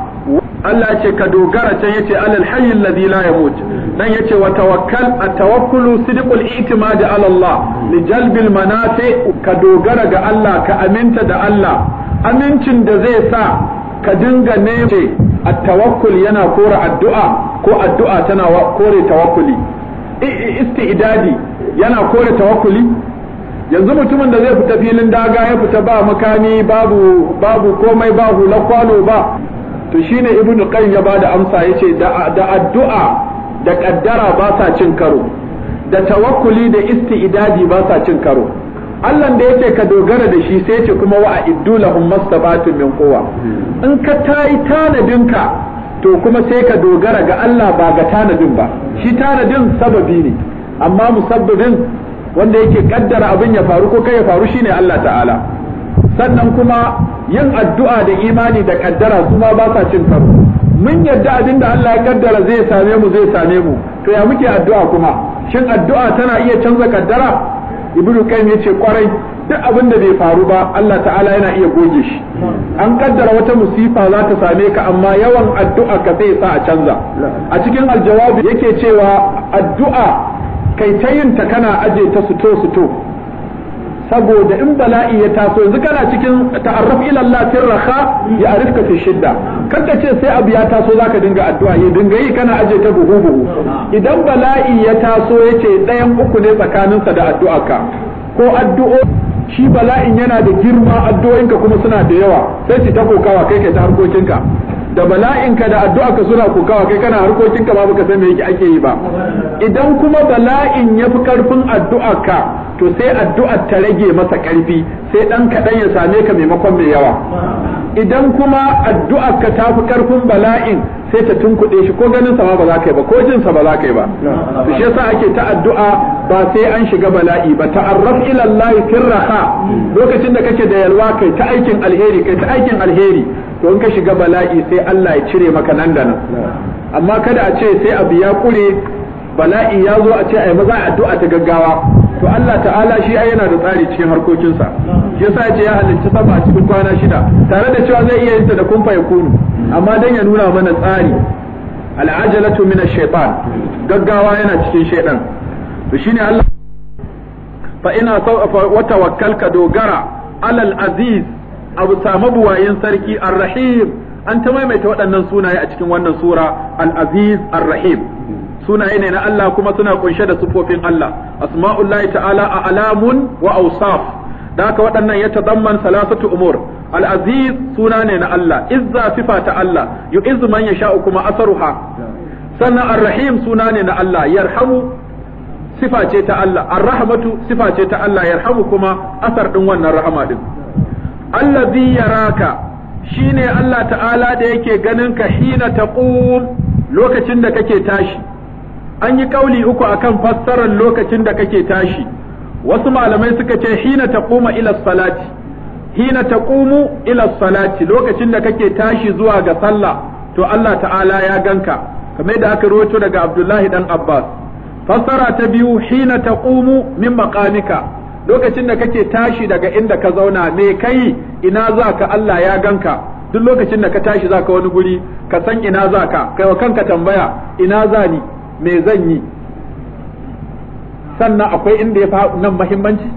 Allah ce ka dogara can yace alal hayy alladhi la yamut dan yace wa tawakkal at tawakkulu sidqul i'timad ala Allah li jalbil manafi ka dogara ga Allah ka aminta da Allah amincin da zai sa ka dinga neme at tawakkul yana kora addu'a ko addu'a tana kore tawakkuli isti'dadi yana kore tawakuli yanzu mutumin da zai fita filin daga ya fita ba makami babu babu komai ba hula kwano ba to shine ibnu qayyim ya bada amsa yace da da addu'a da kaddara ba sa cin karo da tawakuli da isti'dadi ba sa cin karo Allah da yake ka dogara da shi sai ce kuma wa iddu lahum mastabatun min quwa in ka tayi tanadinka to kuma sai ka dogara ga Allah ba ga tanadin ba shi tanadin sababi ne amma musabbibin wanda yake kaddara abin ya faru ko kai ya faru shine Allah ta'ala sannan kuma yin addu'a da imani da kaddara kuma ba sa cin karo mun yadda abin da Allah ya kaddara zai same mu zai same mu to ya muke addu'a kuma shin addu'a tana iya canza kaddara ibnu ya yace kwarai duk abin da bai faru ba Allah ta'ala yana iya goge shi an kaddara wata musifa za ta same ka amma yawan addu'a ka zai sa a canza a cikin aljawabi yake cewa addu'a kai ta yin ta kana aje ta suto suto saboda in bala'i ya taso yanzu kana cikin ta'arraf ila Allah fil raha ya arifka fi shidda kar ka ce sai abu ya taso zaka dinga addu'a ya dinga yi kana aje ta buhu buhu idan bala'i ya taso yace ɗayan uku ne tsakaninsa da addu'a ka ko addu'o shi bala'in yana da girma addu'o'inka kuma suna da yawa sai ci ta kokawa kai kai ta harkokinka da bala'inka da ka suna kokawa kai kana harkokinka ba baka san me yake ake yi ba idan kuma bala'in ya fi karfin ka to sai addu'ar ta rage masa karfi sai dan kaɗan ya same ka maimakon mai yawa idan kuma addu'arka ta fi karfin bala'in sai ta tunkuɗe shi ko ganin sa ba za ka yi ba ko jin sa ba za ka yi ba to shi yasa ake ta addu'a ba sai an shiga bala'i ba ta'arraf ila Allah firraha lokacin da kake da yalwa kai ta aikin alheri kai ta aikin alheri to in ka shiga bala'i sai Allah ya cire maka nan da nan amma kada a ce sai abu ya kure bala'i ya zo a ce ai maza addu'a ta gaggawa to Allah ta'ala shi ai yana da tsari cikin harkokinsa shi yasa ya ce ya halicci sama a cikin kwana shida tare da cewa zai iya yin ta da kumfa ya kunu amma dan ya nuna mana tsari al'ajalatu min ash-shaytan gaggawa yana cikin shaydan to shine Allah fa ina wa tawakkalka dogara alal aziz abu samu buwayen sarki ar-rahim an ta maimaita waɗannan sunaye a cikin wannan sura al-aziz ar-rahim sunaye ne na Allah kuma suna kunshe da sufofin Allah asma'ullahi ta'ala a alamun wa awsaf da haka waɗannan ya tadamman salasatu umur al-aziz suna ne na Allah izza sifa ta Allah yu'izzu man yasha'u kuma asaruha sannan ar-rahim suna ne na Allah yarhamu sifa ce ta Allah ar-rahmatu sifa ce ta Allah yarhamu kuma asar din wannan rahama din Allah allazi yaraka shine Allah ta'ala da yake ganin ka hina taqum lokacin da kake tashi an yi kauli uku akan fassarar lokacin da kake tashi wasu malamai suka ce hina taquma ila salati hina taqumu ila salati lokacin da kake tashi zuwa ga sallah to Allah ta'ala ya ganka kamar da aka rawaito daga Abdullahi dan Abbas fassara ta biyu hina taqumu min maqamika lokacin da kake tashi daga inda ka zauna me kai ina za ka Allah ya ganka duk lokacin da ka tashi za ka wani guri ka san ina za ka kai wa kanka tambaya ina za ni me zan yi sannan akwai inda ya fi nan mahimmanci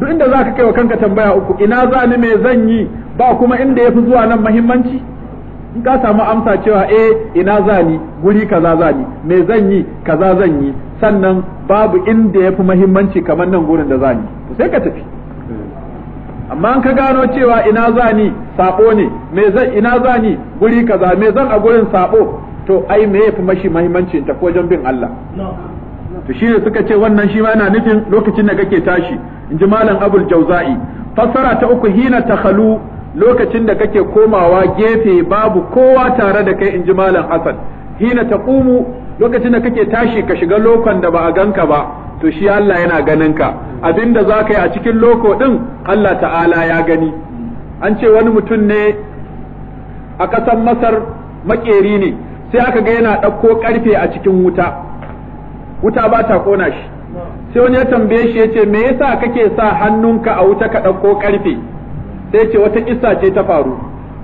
duk inda za ka kai wa kanka tambaya uku ina za ni me zan yi ba kuma inda ya fi zuwa nan mahimmanci in ka samu amsa cewa eh ina za ni guri kaza za ni me zan yi kaza zan yi sannan babu inda ya fi mahimmanci kamar nan gurin da ni to sai ka tafi amma an ka gano cewa ina za ni sabo ne me zan ina ni guri kaza me zan a gurin sabo to ai me ya yafi mashi mahimmanci ta ko wajen bin Allah to shi ne suka ce wannan shi ma yana nufin lokacin da kake tashi in ji malam abul jauza'i fassara ta uku hina takhalu lokacin da kake komawa gefe babu kowa tare da kai in ji malam hasan hina taqumu lokacin da kake tashi ka shiga lokon da ba a ganka ba to shi Allah yana ganin ka abinda za ka yi a cikin loko din Allah ta'ala ya gani an ce wani mutum ne a ƙasar Masar makeri ne sai aka ga yana ɗauko ƙarfe a cikin wuta wuta ba ta kona shi sai wani ya tambaye shi yace me yasa kake sa hannunka a wuta ka ɗauko ƙarfe sai ce wata kissa ce ta faru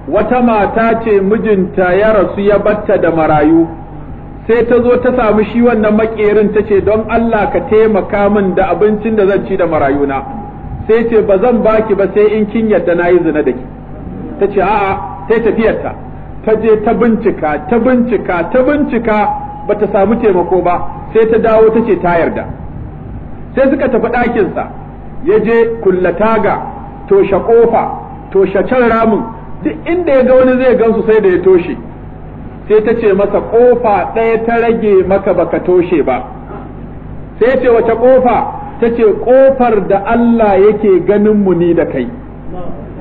wata mata ce mijinta ya rasu ya batta da marayu sai ta zo ta samu shi wannan makerin ta ce don Allah ka taimaka min da abincin da zan ci da marayuna sai ce ba zan baki ba sai in kin yadda na yi zina da ki ta ce a'a sai tafiyarta ta je ta bincika ta bincika ta bincika ba ta samu taimako ba sai ta dawo ta ce ta yarda sai suka tafi ɗakinsa ya je kullataga toshe ƙofa toshe can ramin duk inda ya ga wani zai gansu sai da ya toshe sai ta ce masa ƙofa ɗaya ta rage maka baka toshe ba sai ce wace ƙofa ta ce kofar da Allah yake ganin mu ni da kai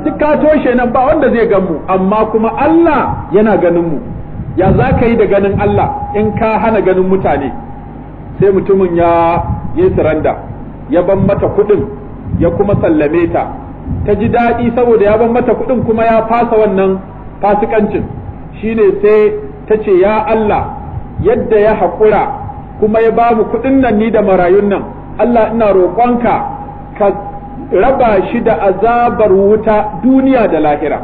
duk ka toshe nan ba wanda zai gan mu amma kuma Allah yana ganin mu ya za ka yi da ganin Allah in ka hana ganin mutane sai mutumin ya yi siranda ya ban mata kuɗin ya kuma sallame ta ta ji daɗi saboda ya ban mata kuɗin kuma ya fasa wannan fasikancin shine sai ta ce ya Allah yadda ya haƙura kuma ya ba mu kuɗin nan ni da marayun nan Allah ina roƙonka ka raba shi da azabar wuta duniya da lahira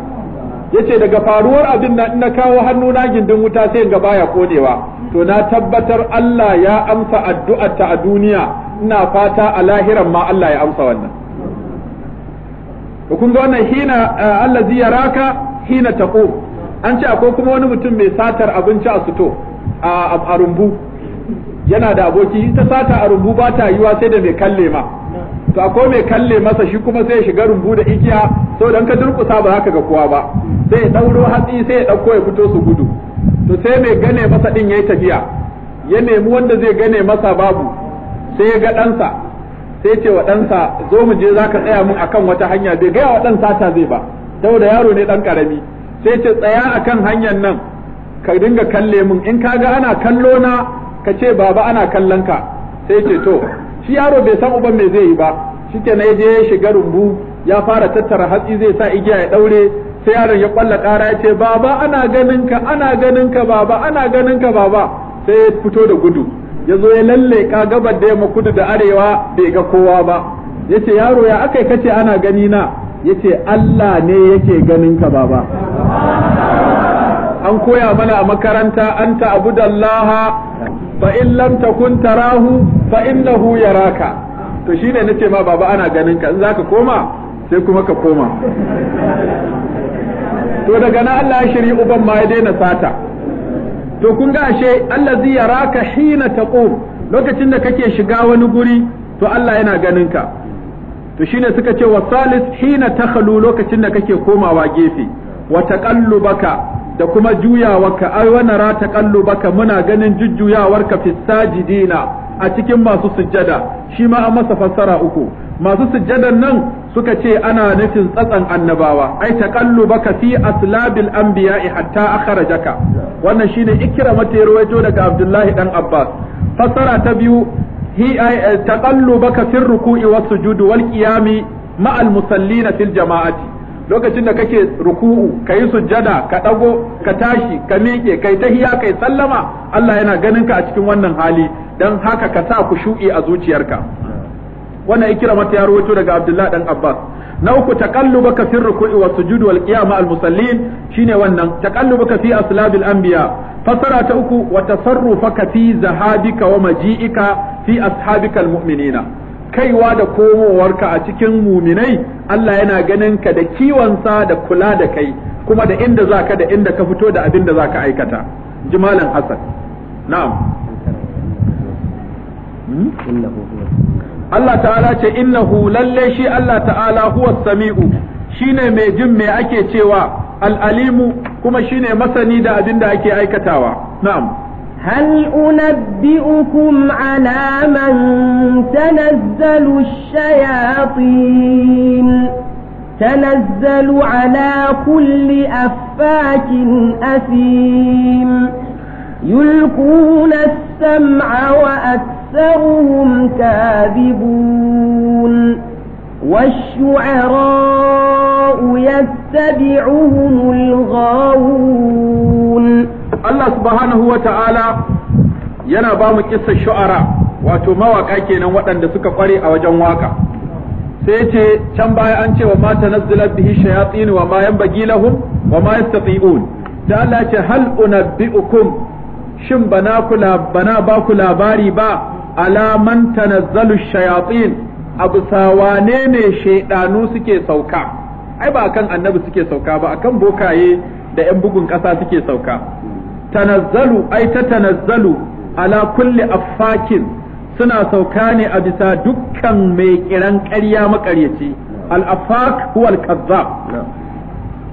yace daga faruwar abin nan ina kawo hannu na gindin wuta sai ga baya konewa to na tabbatar Allah ya amsa addu'arta a duniya ina fata a lahiran ma Allah ya amsa wannan kun ga wannan hina eh, allazi yaraka hina taqum an ce akwai kuma wani mutum mai satar abinci a suto a rumbu yana da aboki ta sata a rumbu ba ta yiwa sai da mai kalle ma to akwai mai kalle masa shi kuma sai ya shiga rumbu da igiya so dan ka durkusa ba haka ga kowa ba sai ya dauro hatsi sai ya dauko ya fito su gudu to sai mai gane masa din yayi tafiya ya nemi wanda zai gane masa babu sai ya ga ɗansa sai ce wa ɗansa zo mu je zaka tsaya mun akan wata hanya bai ga wa ɗan sata zai ba saboda yaro ne dan karami sai ce tsaya akan hanyar nan ka dinga kalle mun in kaga ana kallo na ka ce baba ana kallon ka sai ce to shi yaro bai san uban me zai yi ba shikenan ya je ya shiga rumbu ya fara tattara hatsi zai sa igiya ya daure sai yaron ya kwalla kara ya ce baba ana ganin ka ana ganin ka baba ana ganin ka baba sai ya fito da gudu ya zo ya lalle ka gabar da yamma kudu da arewa bai ga kowa ba yace yaro ya akai kace ana gani na yace Allah ne yake ganin ka baba an koya mana a makaranta an ta'budallaha fa in lam takun tarahu fa innahu yaraka to shine nace ma baba ana ganin ka in zaka koma sai kuma ka koma to daga na Allah ya shiri uban ma ya daina sata to kun ga ashe allazi yaraka hina taqum lokacin da kake shiga wani guri to Allah yana ganin ka to shine suka ce wa salis hina takhalu lokacin da kake komawa gefe wa taqallubaka da kuma juyawarka ai wa nara taqallubaka muna ganin jujjuyawarka fi sajidina a cikin masu sujjada shi ma an masa fassara uku masu sujjadan nan suka ce ana nufin tsatsan annabawa ai taqallubaka fi aslabil anbiya'i hatta akhrajaka wannan shine ikira mata rawaito daga Abdullahi dan Abbas fassara ta biyu Eh, taqallubaka fi ruku'i was sujudi wal qiyami na musallina fil lokacin da kake ruku'u ka yi sujjada ka ɗago ka tashi ka miƙe kai tahiya kai sallama Allah yana ganin ka a cikin wannan hali don haka ka sa ku shu'i a zuciyarka wannan mata ya rawaito daga Abdullah dan Abbas na uku taqallubaka fi ruku'i wa sujudi wal qiyam al musallin shine wannan taqallubaka fi aslabil anbiya fasara ta uku wa tasarrufaka fi zahabika wa maji'ika fi ashabikal mu'minina kaiwa da komowarka a cikin muminai Allah yana ganin ka da kiwansa da kula da kai kuma da inda zaka da inda ka fito da abin da zaka aikata jimalan hasan na'am hmm? Allah ta'ala ce innahu lalle shi Allah ta'ala huwa sami'u shine mai jin me ake cewa al'alimu kuma shine masani da abin da ake aikatawa na'am هل أنبئكم على من تنزل الشياطين تنزل على كل أفاك أثيم يلقون السمع وأكثرهم كاذبون والشعراء يتبعهم الغاوون الله سبحانه وتعالى ينا بام قصة الشعراء واتو ما وقعكي نو وطن دسك قري او جنواكا سيتي چنبا انشي وما تنزل به الشياطين وما ينبغي لهم وما يستطيعون تعالى هل انبئكم shin bana bana ba ku labari ba alaman tanazzalu shayatin abu sawane ne shaidanu suke sauka ai ba kan annabi suke sauka ba akan bokaye da yan bugun ƙasa suke sauka tanazzalu ai ta tanazzalu ala kulli affakin suna sauka ne a bisa dukkan mai kiran ƙarya maƙaryaci al-afak huwa al-kazzab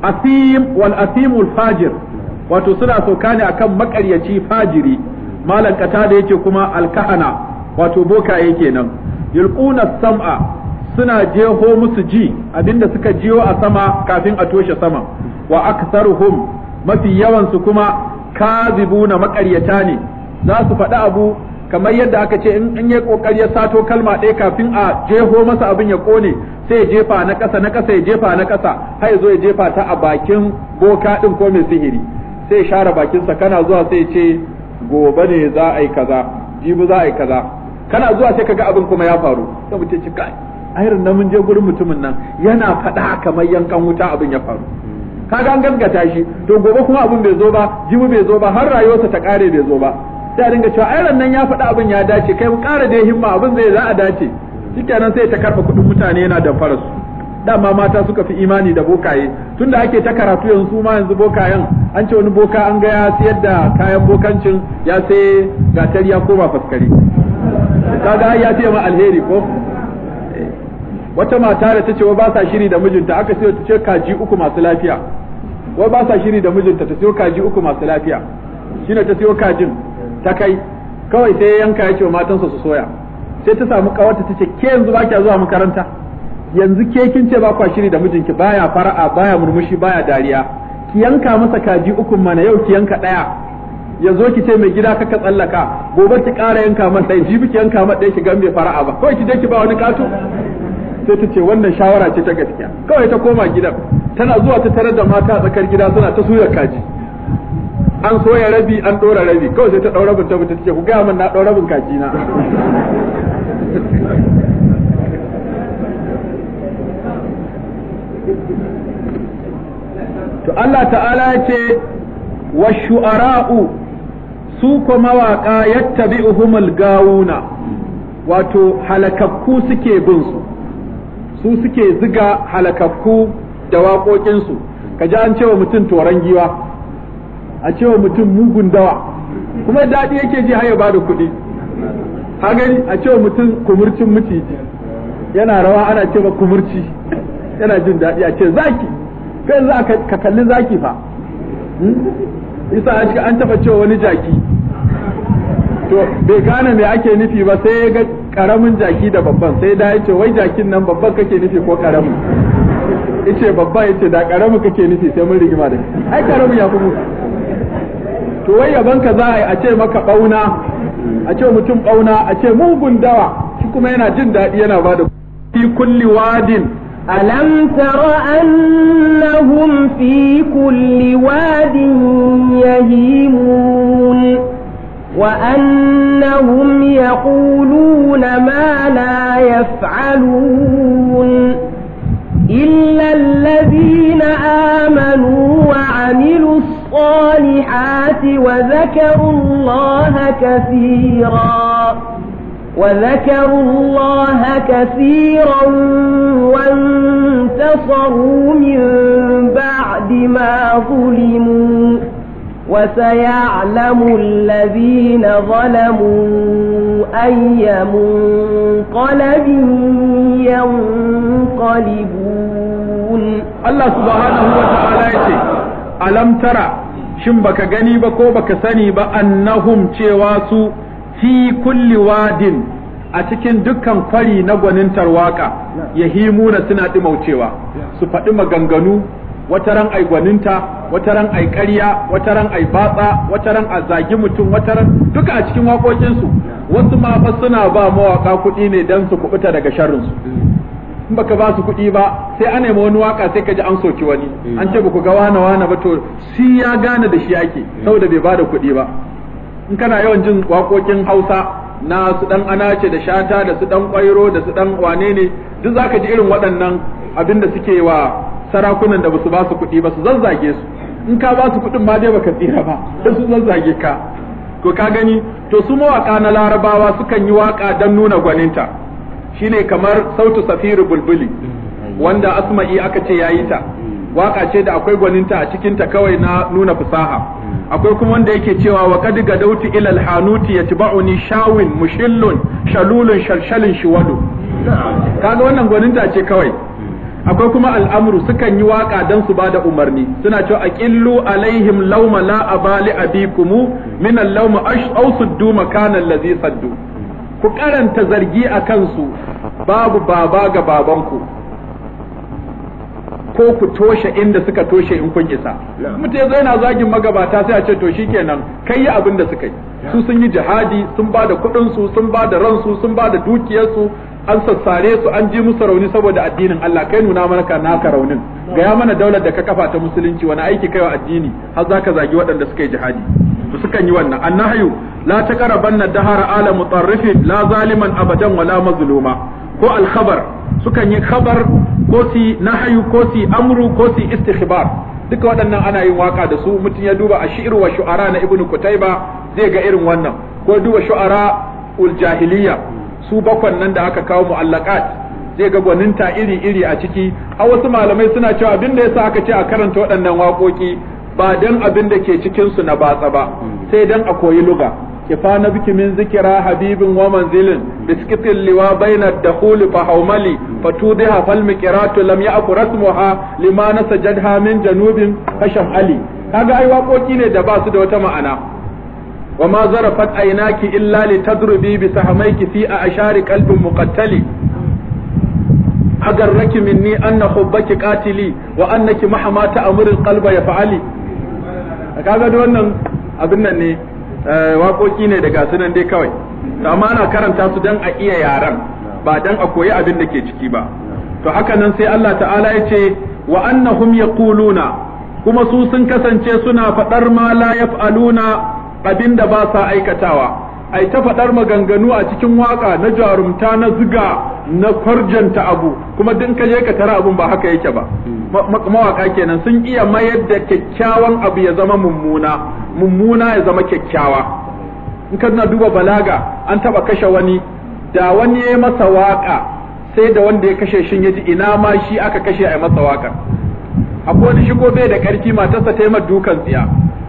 asim wal asimul fajir wato suna sauka ne akan makaryaci fajiri malan kata da yake kuma alkahana wato bokaye kenan yulquna sam'a suna jeho musu ji abinda suka jiyo a sama kafin a toshe sama wa aktharuhum mafi yawan su kuma kazibuna makaryata ne za su faɗi abu kamar yadda aka ce in yayi kokari ya sato kalma ɗaya kafin a jeho masa abin ya kone sai ya jefa na ƙasa na ƙasa ya jefa na ƙasa har ya zo ya jefa ta a bakin boka ɗin ko mai sihiri sai share bakinsa kana zuwa sai ce gobe ne za a yi kaza jibi za a yi kaza kana zuwa sai kaga abin kuma ya faru sai mutum ce kai ayirin nan mun je gurin mutumin nan yana faɗa kamar yankan wuta abin ya faru kaga an gangata shi to gobe kuma abin bai zo ba jibi bai zo ba har rayuwarsa ta kare bai zo ba sai a dinga cewa ayirin nan ya faɗa abin ya dace kai mu kara dai himma abin zai za a dace shikenan sai ta karfa kuɗin mutane yana damfara su dama mata suka fi imani da bokaye tunda ake ta karatu yanzu su ma yanzu bokayen an ce wani boka an ga ya siyar da kayan bokancin ya sai gatari ya koma faskare kaga ya ce ma alheri ko wata mata da ta ce wa ba sa shiri da mijinta aka ce ta ce kaji uku masu lafiya wai ba sa shiri da mijinta ta siyo kaji uku masu lafiya shine ta siyo kajin ta kai kawai sai yanka ya ce wa matansa su soya sai ta samu kawarta ta ce ke yanzu ba kya zuwa makaranta yanzu ke kin ce ba kwa shiri da mijinki baya fara'a baya murmushi baya dariya ki yanka masa kaji ukun mana yau ki yanka daya ya zo ki ce mai gida ka ka tsallaka gobe ki ƙara yanka man ɗaya jibi ki yanka man ɗaya ki gan bai fara'a ba kawai ki je ki ba wani sai ta ce wannan shawara ce ta gaskiya kawai ta koma gidan tana zuwa ta tarar da mata a tsakar gida suna ta suyar kaji an soya rabi an ɗora rabi kawai sai ta ɗau rabin ta ce ku gaya min na ɗau rabin kaji na to Allah ta'ala ya ce wa shu'ara'u su ko mawaka yattabi'uhumul gawuna wato halakakku suke bin su su suke ziga halakakku da waƙoƙinsu ka ji an cewa mutum toron giwa a cewa mutum mugun dawa kuma daɗi yake ji haya ya bada kuɗi ka gani a cewa mutum kumurcin miciji yana rawa ana cewa kumurci yana jin daɗi a ce zaki kai za ka kalli zaki fa hmm? isa a cikin an taba cewa wani jaki to bai gane me ake nufi ba sai ya ga karamin jaki da babban sai da ya ce wai jakin nan babban kake nufi ko karamin ice babban ya ce da karamin kake nufi sai mun rigima da ai karamin ya fi mu to wai yaban ka za a yi a ce maka bauna a ce mutum bauna a ce mugun dawa shi kuma yana jin daɗi yana ba da kulli wadin ألم تر أنهم في كل واد يهيمون وأنهم يقولون ما لا يفعلون إلا الذين آمنوا وعملوا الصالحات وذكروا الله كثيراً وذكروا الله كثيرا وانتصروا من بعد ما ظلموا وسيعلم الذين ظلموا أي منقلب ينقلبون الله سبحانه وتعالى ألم ترى شن بك غني بكو بك سني بأنهم تيواسوا fi kulli wadin a cikin dukkan kwari na gwanintar waka ya himuna suna ɗimaucewa su faɗi maganganu wata ran ai gwaninta wata ran ai ƙarya wata ran ai batsa wata ran a zagi mutum wata ran duka a cikin waƙoƙinsu wasu ma fa suna ba mawaƙa kuɗi ne dan su kubuta daga sharrinsu in baka ba su kuɗi ba sai an nemi wani waka sai ka ji an soki wani an ce baku ga wana wana ba to shi ya gane da shi ake saboda bai ba da kuɗi ba in kana yawan jin waƙoƙin Hausa na su dan anace da shata da su dan kwairo da su dan wane ne duk zaka ji irin waɗannan abin da suke wa sarakunan da basu ba su kuɗi ba su zazzage su in ka ba su kuɗin ma dai baka tsira ba sai su zazzage ka to ka gani to su mawaka na larabawa sukan yi waka don nuna gwaninta shine kamar sautu safiru bulbuli wanda asma'i aka ce yayi ta waka ce da akwai gwaninta a cikinta kawai na nuna fasaha akwai kuma wanda yake cewa wa kad gadauti ila alhanuti yatba'uni shawin mushillun shalulun shalshalin shiwadu kaga wannan gwaninta ce kawai akwai kuma al'amru sukan yi waka dan su bada umarni suna cewa aqillu alaihim lauma la abali abikum min al-lauma ash'ausuddu makana allazi saddu ku karanta zargi akan su babu baba ga babanku ko ku toshe inda suka toshe in kun isa mutum yazo yana zagin magabata sai a ce to shikenan kai yi abin da suka yi su sun yi jihadi sun ba da kuɗin su sun ba da ransu sun ba da dukiyar an sassare su an ji musu rauni saboda addinin Allah kai nuna mana ka naka raunin gaya mana daular da ka kafa ta musulunci wani aiki kai wa addini har zaka zagi waɗanda suka yi jihadi Su sukan yi wannan annahayu la taqrabanna dahara ala mutarrifin la zaliman abadan wala mazluma ko al-khabar sukan yi khabar ko si nahayu ko si amru ko si istikhbar duka waɗannan ana yin waka da su mutum ya duba a wa shu'ara na ibnu kutaiba zai ga irin wannan ko duba shu'ara ul jahiliya su bakwan nan da aka kawo mu'allaqat zai ga gwaninta iri iri a ciki a wasu malamai suna cewa abin da yasa aka ce a karanta waɗannan waƙoƙi ba dan abin da ke cikin su na batsa ba sai dan a koyi luga kifa na biki min zikira habibin wa manzilin biskitin liwa baina dakhul fa hawmali fatudiha fal miqratu lam ya'ku rasmuha lima nasajadha min janubin kasham ali kaga ai waƙoƙi ne da ba su da wata ma'ana wa ma zarafat ki illa li tadrubi bi sahmayki fi ashari qalbin muqattali agarraki minni anna hubbaki qatili wa annaki mahama ta'muru alqalba yaf'ali kaga da wannan abin nan ne Eh, waƙoƙi ne daga sunan dai kawai amma ana karanta su dan a iya yaran ba dan a koyi abin da ke ciki ba to haka nan sai Allah ta'ala ya ce wa annahum yaquluna kuma su sun kasance suna faɗar ma la yaf'aluna abin da ba sa aikatawa ai ta faɗar maganganu a cikin waka na jarumta na zuga na kwarjanta abu kuma din ka je ka tara abun ba haka yake ba mawaka kenan sun iya mayar da kyakkyawan abu ya zama mummuna mummuna ya zama kyakkyawa in ka duba balaga an taɓa kashe wani da wani ya masa waka sai da wanda ya kashe shin yaji ina ma shi aka kashe a masa waka akwai wani shigo bai da karfi matarsa ta yi dukan tsiya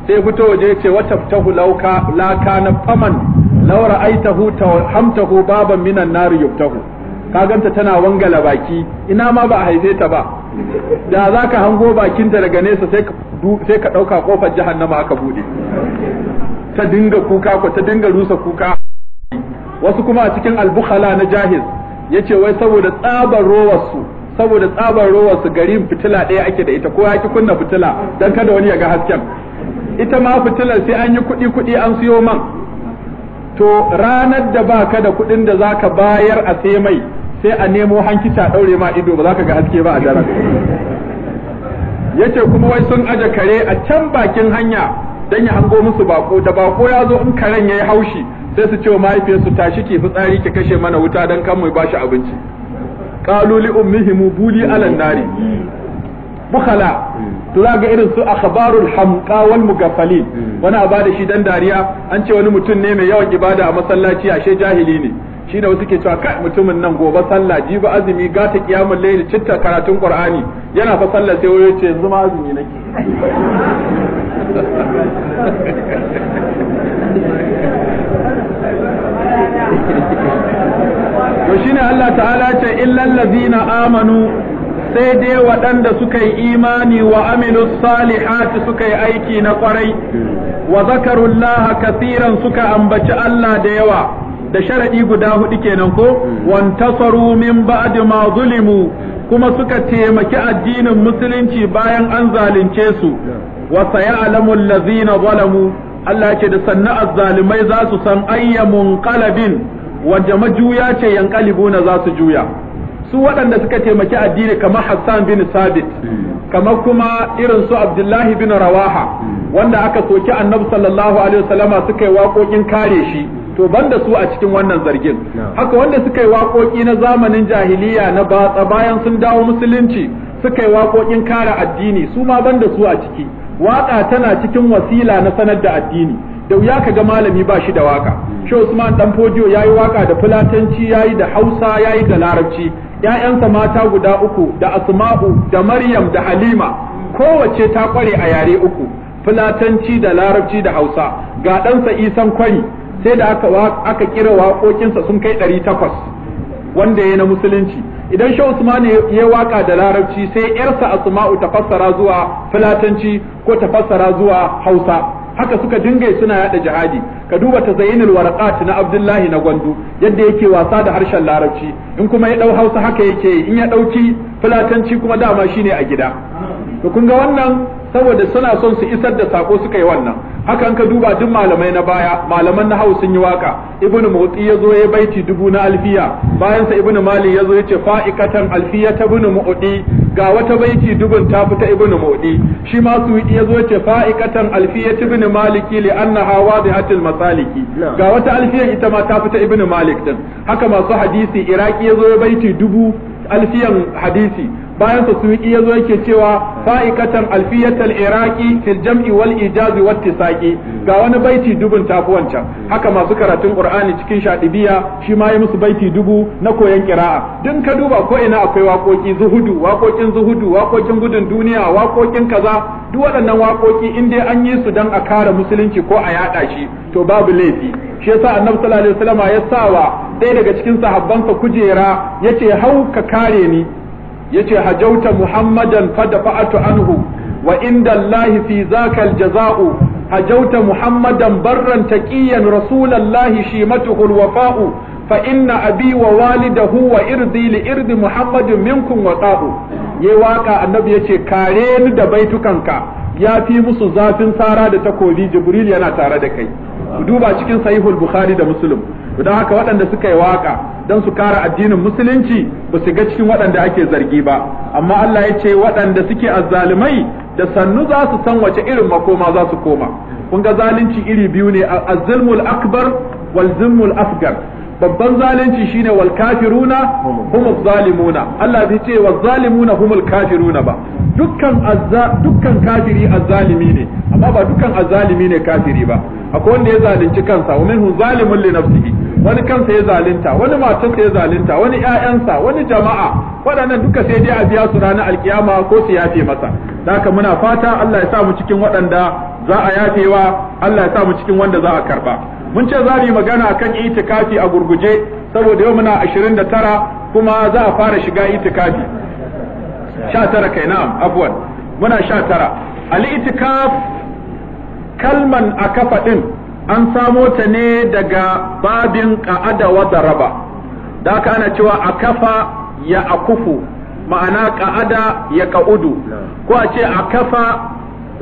sai fito waje ce wata ta lauka laka na faman law ra'aitahu tahamtahu baban minan nar yuftahu ka ganta tana wangala baki ina ma ba a haife ta ba da za ka hango bakinta daga nesa sai ka ɗauka kofar jahannama aka buɗe ta dinga kuka ko ta dinga rusa kuka wasu kuma a cikin al-bukhala na jahiz yace wai saboda tsabar su saboda tsabar su garin fitila ɗaya ake da ita ko ya ki kunna fitila dan kada wani ya ga hasken ita ma fitilar sai an yi kuɗi kuɗi an siyo man to ranar da ba ka da kuɗin da zaka bayar a sai mai sai a nemo hankita ɗaure ma ido ba za ka ga haske ba a jara yace kuma wai sun aje kare a can bakin hanya dan ya hango musu bako da bako ya zo in karen yayi haushi sai su ce wa mahaifiyarsu tashi ki fitsari ki kashe mana wuta dan kan mu bashi abinci qalu li ummihim buli alan nari bukhala to za ga irin su akhbarul hamqa wal mugaffalin wani aba da shi dan dariya an ce wani mutum ne mai yawan ibada a masallaci ashe jahili ne shi da wasu ke cewa kai mutumin nan gobe sallah jibi azumi gata kiyamul layl citta karatun qur'ani yana fa sallah sai wayo ce yanzu ma azumi nake to shine Allah ta'ala ce illal ladina amanu sai dai waɗanda suka yi imani wa amilu salihati suka yi aiki na kwarai wa zakarullaha kasiran suka ambaci Allah da yawa da sharaɗi guda hudu kenan ko wantasaru min ba'di ma zulimu kuma suka taimaki addinin musulunci bayan an zalunce su wa sayalamu allazina zalamu Allah ce da sannu azzalimai za su san ayyamun qalabin wanda majuya ce yanqalibuna za su juya su waɗanda suka taimaki addini kamar Hassan bin Sabit hmm. kamar kuma irin su Abdullahi bin Rawaha hmm. wanda aka soki Annabi sallallahu alaihi wasallama suka yi waƙoƙin kare shi to banda su a cikin wannan zargin haka wanda suka yi waƙoƙi na zamanin jahiliya na batsa bayan sun dawo musulunci suka yi waƙoƙin kare addini su ma banda su a ciki waƙa tana cikin wasila na sanar da addini da wuya ka ga malami ba shi da waka shi Usman dan Fodiyo yayi waka da fulatanci yayi da Hausa yayi da Larabci ƴaƴansa mata guda uku da Asma'u da Maryam da Halima kowace ta kware a yare uku fulatanci da Larabci da Hausa ga ɗansa Isan kwari sai da aka aka kira waƙoƙinsa sun kai takwas wanda ya na musulunci idan shi Usman ya waka da Larabci sai yarsa Asma'u ta fassara zuwa fulatanci ko ta fassara zuwa Hausa haka suka dinga suna yada jihadi ka duba ta zainul warqat na Abdullahi na Gwandu yadda yake wasa da harshen Larabci in kuma ya dau Hausa haka yake in ya dauki fulatanci kuma dama shine a gida to kun ga wannan saboda suna son su isar da sako suka yi wannan hakan ka duba duk malamai na baya malaman hau sun yi waka ibnu mutsi ya zo ya baiti dubu na alfiya bayan sa ibnu mali ya zo ya ce fa'ikatan alfiya ta ibnu mu'ti ga wata baiti dubun ta fita ibn mu'ti shi ma su ya zo ya ce fa'ikatan alfiya ibnu maliki li annaha wadihatul masaliki ga wata alfiya ita ma ta fita ibn malik din haka masu hadisi iraki ya zo ya baiti dubu alfiyan hadisi bayan sa ya yazo yake cewa fa'ikatan alfiyatal iraqi fil jam'i wal ijazi wat tisaqi ga wani baiti dubun tafi wancan haka masu karatun qur'ani cikin shadibiya shi ma ya musu baiti dubu na koyan kira'a. dun ka duba ko ina akwai waƙoƙi zuhudu waƙoƙin zuhudu waƙoƙin gudun duniya waƙoƙin kaza duk waɗannan waƙoƙi in dai an yi su dan a kare musulunci ko a yada shi to babu laifi shi yasa annabi sallallahu alaihi wasallam ya sawa ɗaya daga cikin sahabbansa kujera yace hau ka kare ni yace hajauta muhammadan fadafa'atu anhu wa inda allahi fi zaka aljaza'u hajauta muhammadan barran taqiyan rasulallahi shimatuhu alwafa'u fa inna abi wa walidahu wa irdi muhammadin minkum wa qa'u yayi waka annabi yace kare ni da baitukanka ya fi musu zafin sara da takobi jibril yana tare da kai duba cikin sahihul bukhari da muslim to don haka waɗanda suka yi waka don su kara addinin musulunci ba su ga cikin waɗanda ake zargi ba amma Allah ya ce waɗanda suke azzalumai da sannu za su san wace irin makoma za su koma kun ga zalunci iri biyu ne azzulmul akbar wal zulmul asgar babban zalunci shine wal kafiruna humuz zalimuna Allah bai ce wal zalimuna humul kafiruna ba dukkan azza dukkan kafiri azzalimi ne amma ba dukkan azzalimi ne kafiri ba akwai wanda ya zalunci kansa wa minhu zalimun li nafsihi wani kansa ya zalunta wani matarsa ya zalunta wani ƴaƴansa wani jama'a waɗannan duka sai dai a biya su ranar alkiyama ko su yafe masa haka muna fata Allah ya sa mu cikin waɗanda za a yafewa Allah ya sa mu cikin wanda za a karba mun ce za mu magana akan itikafi a gurguje saboda yau muna 29 kuma za a fara shiga itikafi 19 kai na'am afwan muna 19 al-itikaf kalman a kafa din an samo ta ne daga babin ƙa'ada wa daraba da aka ana cewa a kafa ya akufu ma'ana ƙa'ada ya ka'udu ko a ce a kafa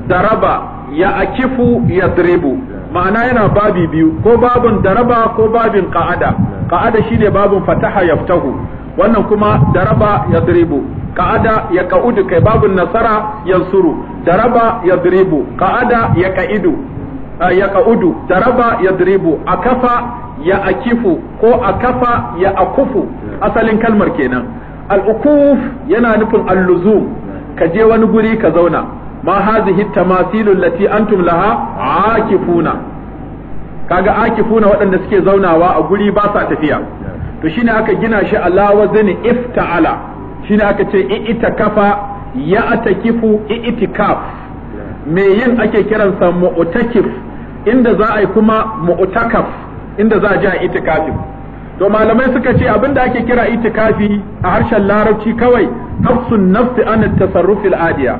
daraba ya akifu ya dribu ma'ana yana babi biyu ko babin daraba ko babin ƙa'ada ƙa'ada shine babin fataha ya yaftahu wannan kuma daraba ya dribu ka'ada ya ka'udu kai babin nasara suru, daraba ya dribu ka'ada ya ka'idu Ah, ya ka'udu daraba ya diribu a kafa ya akifu ko a kafa ya akufu asalin kalmar kenan al'ukuf yana nufin alluzum ka je wani guri ka zauna ma hazihi tamasilul lati antum laha akifuna kaga akifuna waɗanda suke zaunawa a guri ba sa tafiya to shine aka gina shi ala wazni ifta'ala shine aka ce i'tikafa ya atakifu i'tikaf me yin ake kiransa mu'utakif inda za a yi kuma mu'utakaf inda za a ji a itikafi to malamai suka ce abinda ake kira itikafi a harshen larabci kawai nafsun nafsi an tasarrufil adiya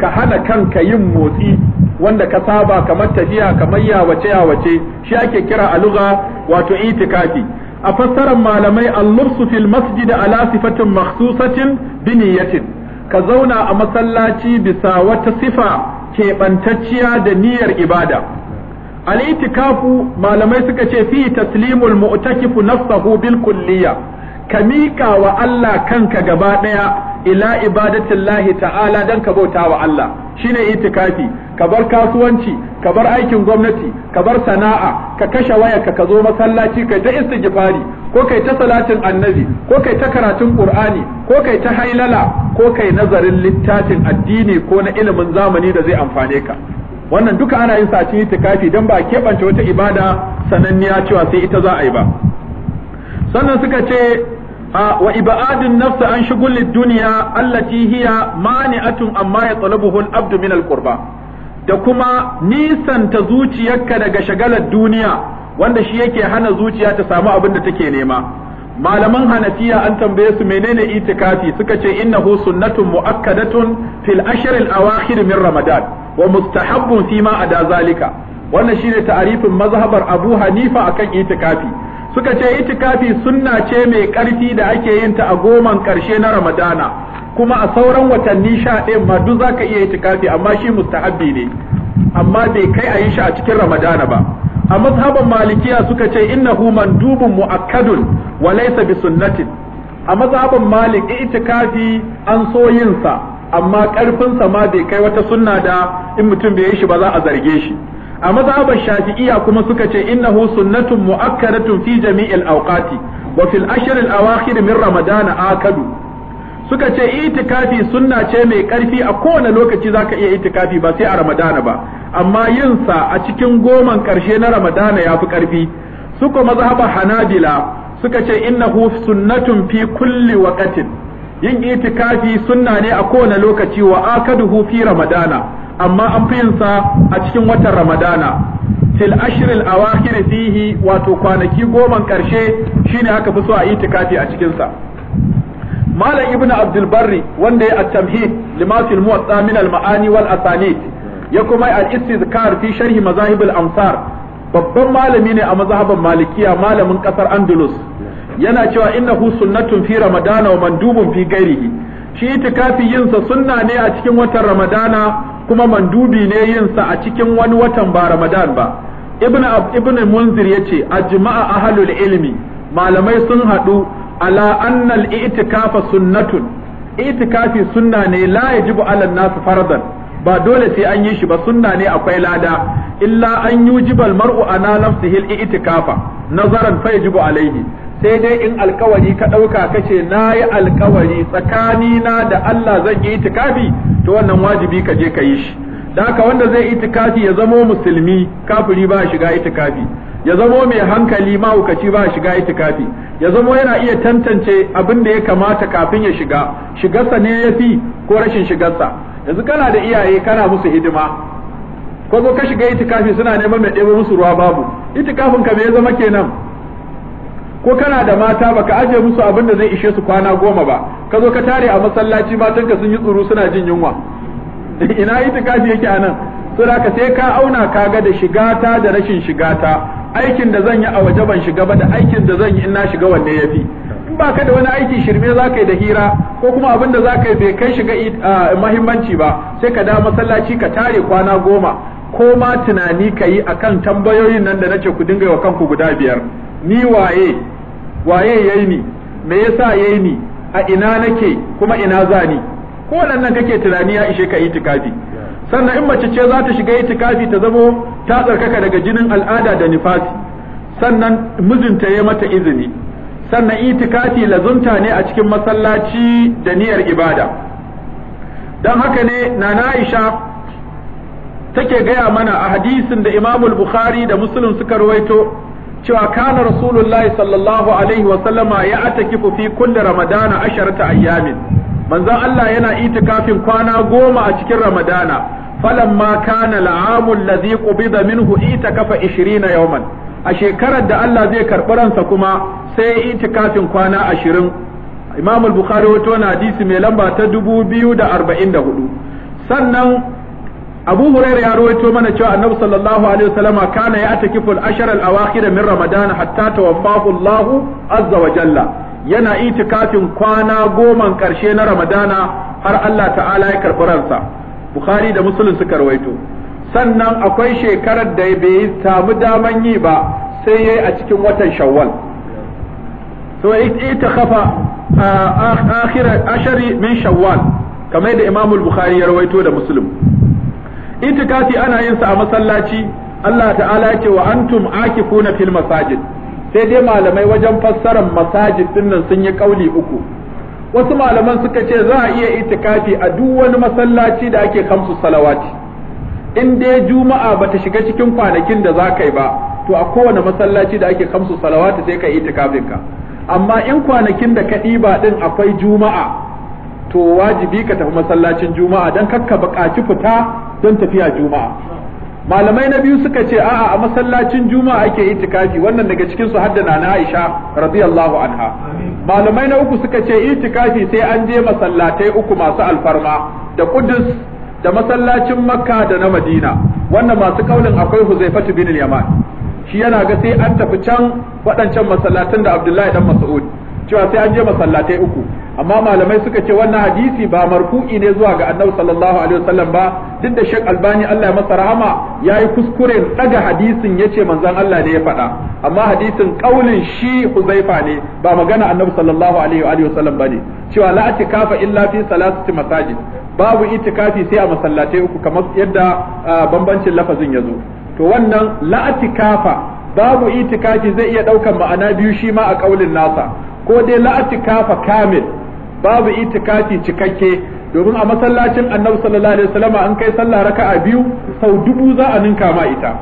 ka hana kanka yin motsi wanda ka saba kamar tafiya kamar yawace yawace shi ake kira a lugha wato itikafi a fassarar malamai al fil masjid ala sifatin makhsusatin bi ka zauna a masallaci bisa wata sifa keɓantacciya da niyyar ibada al-itikafu malamai suka ce fi taslimul mu'takifu nafsahu bil kulliya ka miƙa wa Allah kanka gaba ɗaya ila ibadatillahi ta'ala dan ka bauta wa Allah shine itikafi ka bar kasuwanci ka bar aikin gwamnati ka bar sana'a ka kashe wayarka ka zo masallaci kai ta istighfari ko kai ta salatin annabi ko kai ta karatun qur'ani ko kai ta hailala ko kai nazarin littafin addini ko na ilimin zamani da zai amfane ka wannan duka ana yin saci itikafi dan ba keɓance wata ibada sananniya cewa sai ita za a yi ba sannan suka ce wa ibadin nafsa an shigulli duniya allati hiya mani'atun amma ya talabuhu al-abdu min al-qurba da kuma nisanta zuciyarka daga shagalar duniya wanda shi yake hana zuciya ta samu abin da take nema malaman hanafiya an tambaye su menene itikafi suka ce innahu sunnatun muakkadatun fil ashr al-awakhir min ramadan wa mustahabbun fi ma ada zalika wannan shine ta'arifin mazhabar abu hanifa akan itikafi suka ce itikafi sunna ce mai ƙarfi da ake yin ta a goman ƙarshe na ramadana kuma a sauran watanni sha ɗaya ma duk za ka iya itikafi amma shi mustahabbi ne amma bai kai a yi shi a cikin ramadana ba a mazhaban malikiya suka ce innahu mandubun mu'akkadun wa laysa bi sunnatin a mazhaban malik itikafi an so yin sa amma ƙarfin ma bai kai wata sunna da in mutum bai yi shi ba za a zarge shi a mazhabar shafi'iyya kuma suka ce innahu sunnatun mu'akkadatun fi jami'il awqati wa fil ashr al awakhir min ramadan akadu suka ce itikafi sunna ce mai karfi a kowane lokaci zaka iya itikafi ba sai a ramadana ba amma yin sa a cikin goman karshe na ramadana yafi karfi suka mazhabar hanabila suka ce innahu sunnatun fi kulli waqtin yin itikafi sunna ne a kowane lokaci wa akaduhu fi ramadana amma an fi yinsa a cikin watan ramadana til ashril awakhir fihi wato kwanaki goman karshe shine aka fi so a itikafi a cikin sa malam ibnu abdul barri wanda ya at-tamhid lima fil muwatta min al-ma'ani wal asanid ya kuma al-istizkar fi sharhi mazahib al-amsar babban malami ne a mazhaban malikiya malamin kasar andalus yana cewa innahu sunnatun fi ramadana wa mandubun fi ghairihi shi itikafi yin sa sunna ne a cikin watan ramadana kuma mandubi ne yin sa a cikin wani watan ba ramadan ba ibnu ibnu munzir yace ajma'a ahlul ilmi malamai sun hadu ala annal itikafa sunnatun itikafi sunna ne la yajibu ala an faradan ba dole sai an yi shi ba sunna ne akwai lada illa an yujibal mar'u ana nafsihi al-i'tikafa nazaran fa yajibu alayhi sai dai in alkawari ka dauka kace nayi alkawari tsakani na da Allah zan yi itikafi to wannan wajibi ka je ka yi shi da haka wanda zai itikafi ya zamo musulmi kafiri ba shiga itikafi ya zamo mai hankali mahaukaci ba shiga itikafi ya zamo yana iya tantance abin da ya kamata kafin ya shiga shigarsa ne ya fi ko rashin shigarsa yanzu kana da iyaye kana musu hidima ko zo ka shiga itikafi suna neman mai ɗebo musu ruwa babu itikafin ka me ya zama kenan ko kana da mata baka aje musu abin da zai ishe su kwana goma ba ka zo ka tare a masallaci matanka sun yi tsuru suna jin yunwa ina itikafi yake anan sai da sai ka auna kaga ga da ta da rashin shiga ta aikin da zan yi a waje ban shiga ba da aikin da zan yi in na shiga wanne yafi in ba ka da wani aiki shirme za ka yi da hira ko kuma abin da za ka yi bai kai shiga muhimmanci ba sai ka da masallaci ka tare kwana goma ko ma tunani ka yi akan tambayoyin nan da nace ku dinga wa kanku guda biyar ni waye waye yayi ni me yasa yayi ni a ina nake kuma ina zani ko nan kake tunani ya ishe ka yi tukafi sannan in mace ce za ta shiga itikafi ta zamo ta tsarkaka daga jinin al'ada da nifasi sannan mijinta ya mata izini sannan itikafi lazunta ne a cikin masallaci da niyyar ibada don haka ne na Aisha take gaya mana a hadisin da imamul Bukhari da musulun suka rawaito cewa kana Rasulullahi sallallahu alaihi wa sallama ya atakifu fi kulli Ramadana asharata ayyamin manzon Allah yana itikafin kwana goma a cikin Ramadana falamma kana al'amul ladhi qubida minhu itakafa 20 yawman a shekarar da Allah zai karɓi ransa kuma sai itikafin kwana 20 Imam al-Bukhari wato na hadisi mai lamba ta 2044 sannan Abu Hurairah ya rawaito mana cewa Annabi sallallahu alaihi wasallama kana ya atakiful ashar al-awakhir min ramadana hatta tawaffahu Allah azza wa jalla yana itikafin kwana goma karshe na ramadana har Allah ta'ala ya karɓi ransa bukhari da muslim suka rawaito sannan akwai shekarar da ya bai samu daman yi ba sai yayi a cikin watan shawwal to ita kafa akhirar ashari min shawwal kamar da imam bukhari ya rawaito da muslim itikafi ana yin sa a masallaci Allah ta'ala ya ce wa antum akifuna fil masajid sai dai malamai wajen fassarar masajid nan sun yi kauli uku wasu malaman suka ce za a iya itikafi a duk wani masallaci da ake kamsu salawati in dai juma'a bata shiga cikin kwanakin da za ka yi ba to a kowane masallaci da ake kamsu salawati sai ka yi itikafin ka amma in kwanakin da ka ɗiba din akwai juma'a to wajibi ka tafi masallacin juma'a don kakka buƙaci fita don tafiya juma'a malamai na biyu suka ce a'a a masallacin juma'a ake itikafi wannan daga cikin su haddana na Aisha radiyallahu anha malamai na uku suka ce itikafi sai an je masallatai uku masu alfarma da Qudus da masallacin Makka da na Madina wannan masu kaulin akwai Huzaifatu bin Yaman shi yana ga sai an tafi can waɗancan masallatan da Abdullahi dan Mas'ud cewa sai an je masallatai uku amma malamai suka ce wannan hadisi ba marfu'i ne zuwa ga annabi sallallahu alaihi wasallam ba duk da shek Albani Allah ya masa rahama yayi kuskure daga hadisin yace manzon Allah ne ya faɗa amma hadisin kaulin shi Huzaifa ne ba magana annabi sallallahu alaihi wasallam bane cewa la atikafa illa fi salasati masajid babu itikafi sai a masallatai uku kamar yadda bambancin lafazin ya zo to wannan la atikafa babu itikafi zai iya daukan ma'ana biyu shi ma a kaulin nasa ko dai la atikafa kamil babu itikafi cikakke domin a masallacin annabi sallallahu alaihi wasallam an kai sallah raka'a biyu sau dubu za a ninka ma ita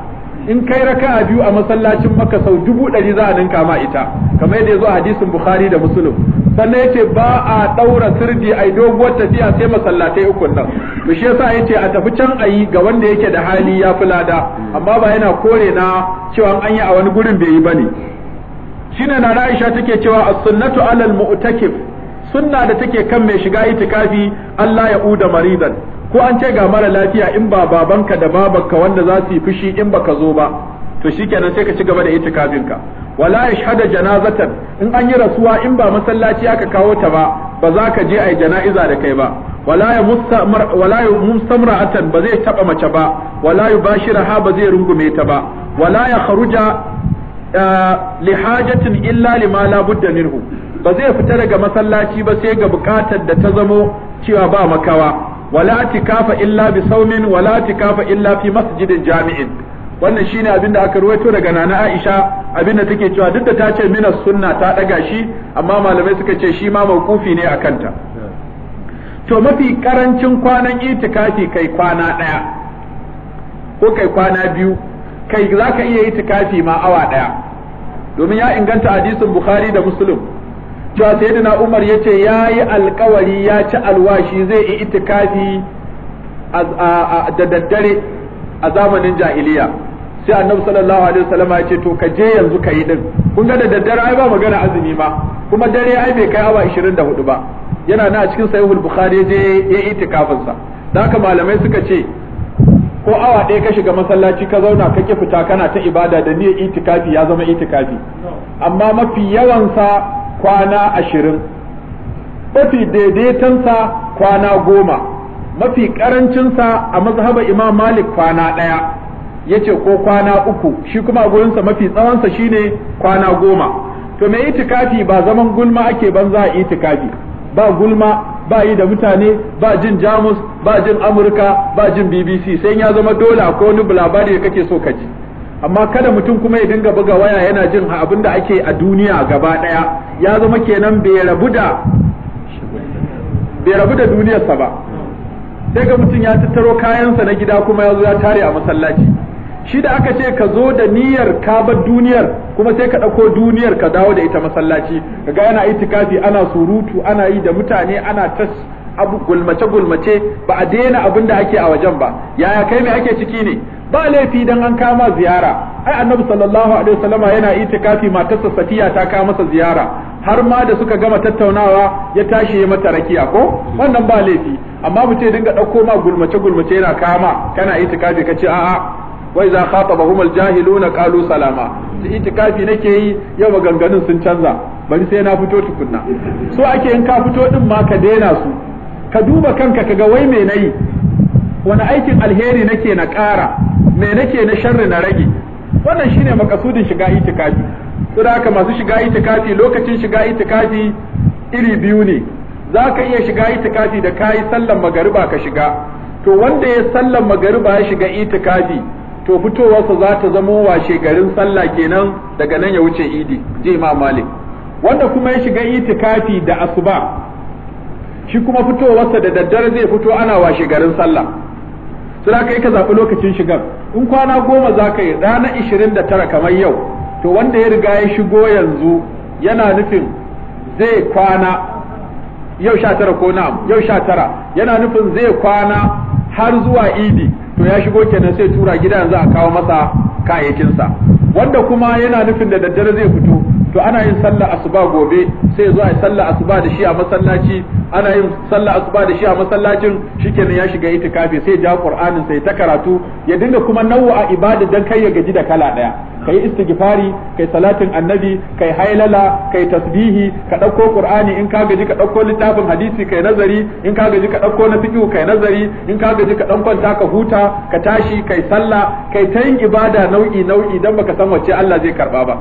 in kai raka'a biyu a masallacin maka sau dubu ɗari za a ninka ma ita kamar yadda yazo a hadisin bukhari da muslim sannan yace ba a ɗaura sirdi ai doguwar tafiya sai masallatai uku nan to shi yasa yace a tafi can ayi ga wanda yake da hali ya fi lada amma ba yana kore na cewa an yi a wani gurin bai yi bane shine na Aisha take cewa as-sunnatu alal mu'takif sunna da take kan mai shiga itikafi Allah ya uda maridan ko an ce ga mara lafiya in ba babanka da babanka wanda za su yi fushi in baka zo ba to shikenan sai ka ci gaba da itikafinka wala yashhada janazatan in an yi rasuwa in ba masallaci aka kawo ta ba ba za ka je ai jana'iza da kai ba wala ya mustamra'atan ba zai taba mace ba wala yubashiraha ba zai rungume ta ba wala ya kharuja eh, li hajatin illa lima la budda minhu ba zai fita daga masallaci ba sai ga bukatar da ta zamo cewa ba makawa wala tikafa illa bi saumin wala tikafa illa fi masjidin jami'in wannan shine abin da aka ruwaito daga nana Aisha abin da take cewa duk da ta ce minas sunna ta daga shi amma malamai suka ce shi ma mauqufi ne akan ta to mafi karancin kwanan itikafi kai kwana daya ko kai kwana biyu kai zaka iya itikafi ma awa daya domin ya inganta hadisin Bukhari da Muslim cewa na Umar ya ce ya yi alkawari ya ci alwashi zai yi itikafi da daddare a zamanin jahiliya sai annabi sallallahu alaihi wasallam ya ce to ka je yanzu ka yi din kun ga da daddare ai ba magana azumi ma kuma dare ai bai kai awa 24 ba yana na a cikin sahihul bukhari je ya itikafin sa da haka malamai suka ce ko awa ɗaya ka shiga masallaci ka zauna ka ki fita kana ta ibada da niyyar itikafi ya zama itikafi amma mafi yawan sa kwana ashirin mafi sa kwana goma mafi ƙarancinsa a mazhaba imam malik kwana ɗaya ya ce ko kwana uku shi kuma gurinsa mafi tsawonsa shine kwana goma to mai itikafi ba zaman gulma ake banza a itikafi ba gulma ba yi da mutane ba jin jamus ba jin amurka ba jin bbc sai ya zama dola ko wani labari da kake so ka ji amma kada mutum kuma ya dinga buga waya yana jin abin da ake a duniya gaba daya ya zama kenan bai rabu da bai rabu da duniyarsa ba sai ga mutum ya tattaro kayansa na gida kuma ya zo ya tare a masallaci shi da aka ce ka zo da niyyar ka bar duniyar kuma sai ka ɗauko duniyar ka dawo da ita masallaci kaga yana itikafi ana surutu ana yi da mutane ana tas abu gulmace gulmace ba a daina abin da ake a wajen ba yaya kai mai ake ciki ne ba laifi dan an kama ziyara ai annabi sallallahu alaihi wasallama yana itikafi matarsa safiya ta kawo masa ziyara har ma da suka gama tattaunawa ya tashi ya mata rakiya ko wannan ba laifi amma mu ce dinga dauko ma gulmace gulmace yana kama kana itikafi kace a'a wa idza khatabahum aljahiluna qalu salama itikafi nake yi yau maganganun sun canza bari sai na fito tukunna so ake in ka fito din ma ka dena su ka duba kanka kaga wai me nayi wani aikin alheri nake na ƙara me nake na sharri na rage wannan shine makasudin shiga itikafi to da haka masu shiga itikafi lokacin shiga itikafi iri biyu ne za ka iya shiga itikafi da kayi sallan magariba ka shiga to wanda ya sallan magariba ya shiga itikafi to fitowarsa za ta zamo washe garin sallah kenan daga nan ya wuce idi je ma malik wanda kuma ya shiga itikafi da asuba shi kuma fitowarsa da daddare zai fito ana washe garin sallah sai yi ka zaɓi lokacin shigar in kwana goma za ka yi rana ishirin da tara kamar yau to wanda ya riga ya shigo yanzu yana nufin zai kwana yau sha ko na'am yau sha yana nufin zai kwana har zuwa idi to ya shigo kenan sai tura gida yanzu a kawo masa kayayyakinsa wanda kuma yana nufin da daddare zai fito to ana yin sallah asuba gobe sai zo ai sallah asuba da shi a masallaci ana yin sallah asuba da shi a masallacin shikenan ya shiga itikafi sai ja qur'anin sai ta karatu ya dinga kuma nawwa a ibada dan kai ya gaji da kala daya kai istighfari kai salatin annabi kai hailala kai tasbihi ka dauko qur'ani in ka gaji ka dauko littafin hadisi kai nazari in ka gaji ka dauko na fiqh kai nazari in ka gaji ka dan kwanta ka huta ka tashi kai sallah kai ta yin ibada nau'i nau'i dan baka san wacce Allah zai karba ba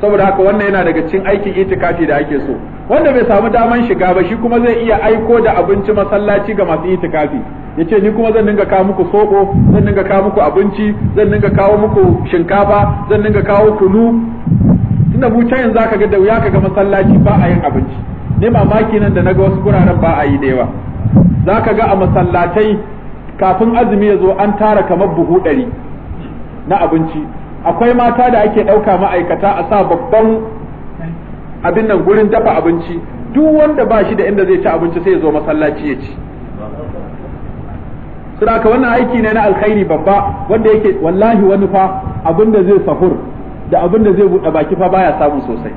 saboda haka wannan yana daga cikin aikin itikafi da ake so wanda bai samu daman shiga ba shi kuma zai iya aiko da abinci masallaci ga masu itikafi yace ni kuma zan dinga kawo muku soko zan dinga kawo muku abinci zan dinga kawo muku shinkafa zan dinga kawo kunu tunda mu can yanzu ka ga da wuya ga masallaci ba a yin abinci ne mamaki nan da naga wasu guraren ba a yi da yawa zaka ga a masallatai kafin azumi ya zo an tara kamar buhu ɗari na abinci akwai mata da ake ɗauka ma'aikata a sa babban abin nan gurin dafa abinci duk wanda ba shi da inda zai ci abinci sai ya zo masallaci ya ci saboda wannan aiki ne na alkhairi babba wanda yake wallahi wani fa abin da zai sahur da abin da zai buɗe baki fa baya samu sosai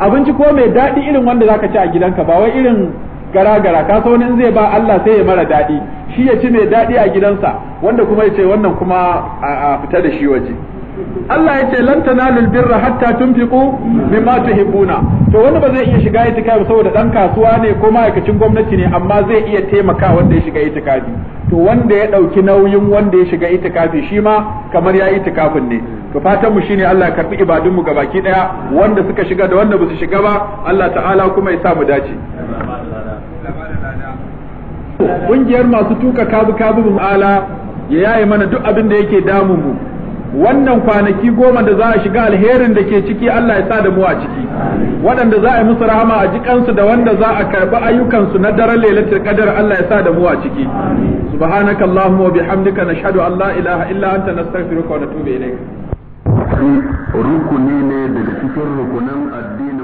abinci ko mai daɗi irin wanda zaka ci a gidanka ba wai irin gara-gara ka wani zai ba Allah sai ya mara daɗi shi ya ci mai daɗi a gidansa wanda kuma ya ce wannan kuma a fita da shi waje Allah ya ce lan tanalul birra hatta tunfiqu mimma tuhibbuna to wani ba zai iya shiga itikafi saboda dan kasuwa ne ko ma'aikacin gwamnati ne amma zai iya taimaka wanda ya shiga itikafi to wanda ya dauki nauyin wanda ya shiga itikafi shi ma kamar ya itikafin ne to fatan mu shine Allah ya karbi ibadun mu gabaki daya wanda suka shiga da wanda ba su shiga ba Allah ta'ala kuma ya sa mu dace kungiyar masu tuka kabu kabu ala ya yaye mana duk abin da yake damun mu wannan kwanaki goma da za a shiga alherin da ke ciki Allah ya sa da mu a ciki waɗanda za a yi musu rahama a jikansu da wanda za a karɓi ayyukansu na daren lailatul qadar Allah ya sa da mu a ciki subhanaka allahumma wa bihamdika nashhadu an la ilaha illa anta nastaghfiruka wa natubu ilayk rukuni ne daga cikin rukunan addini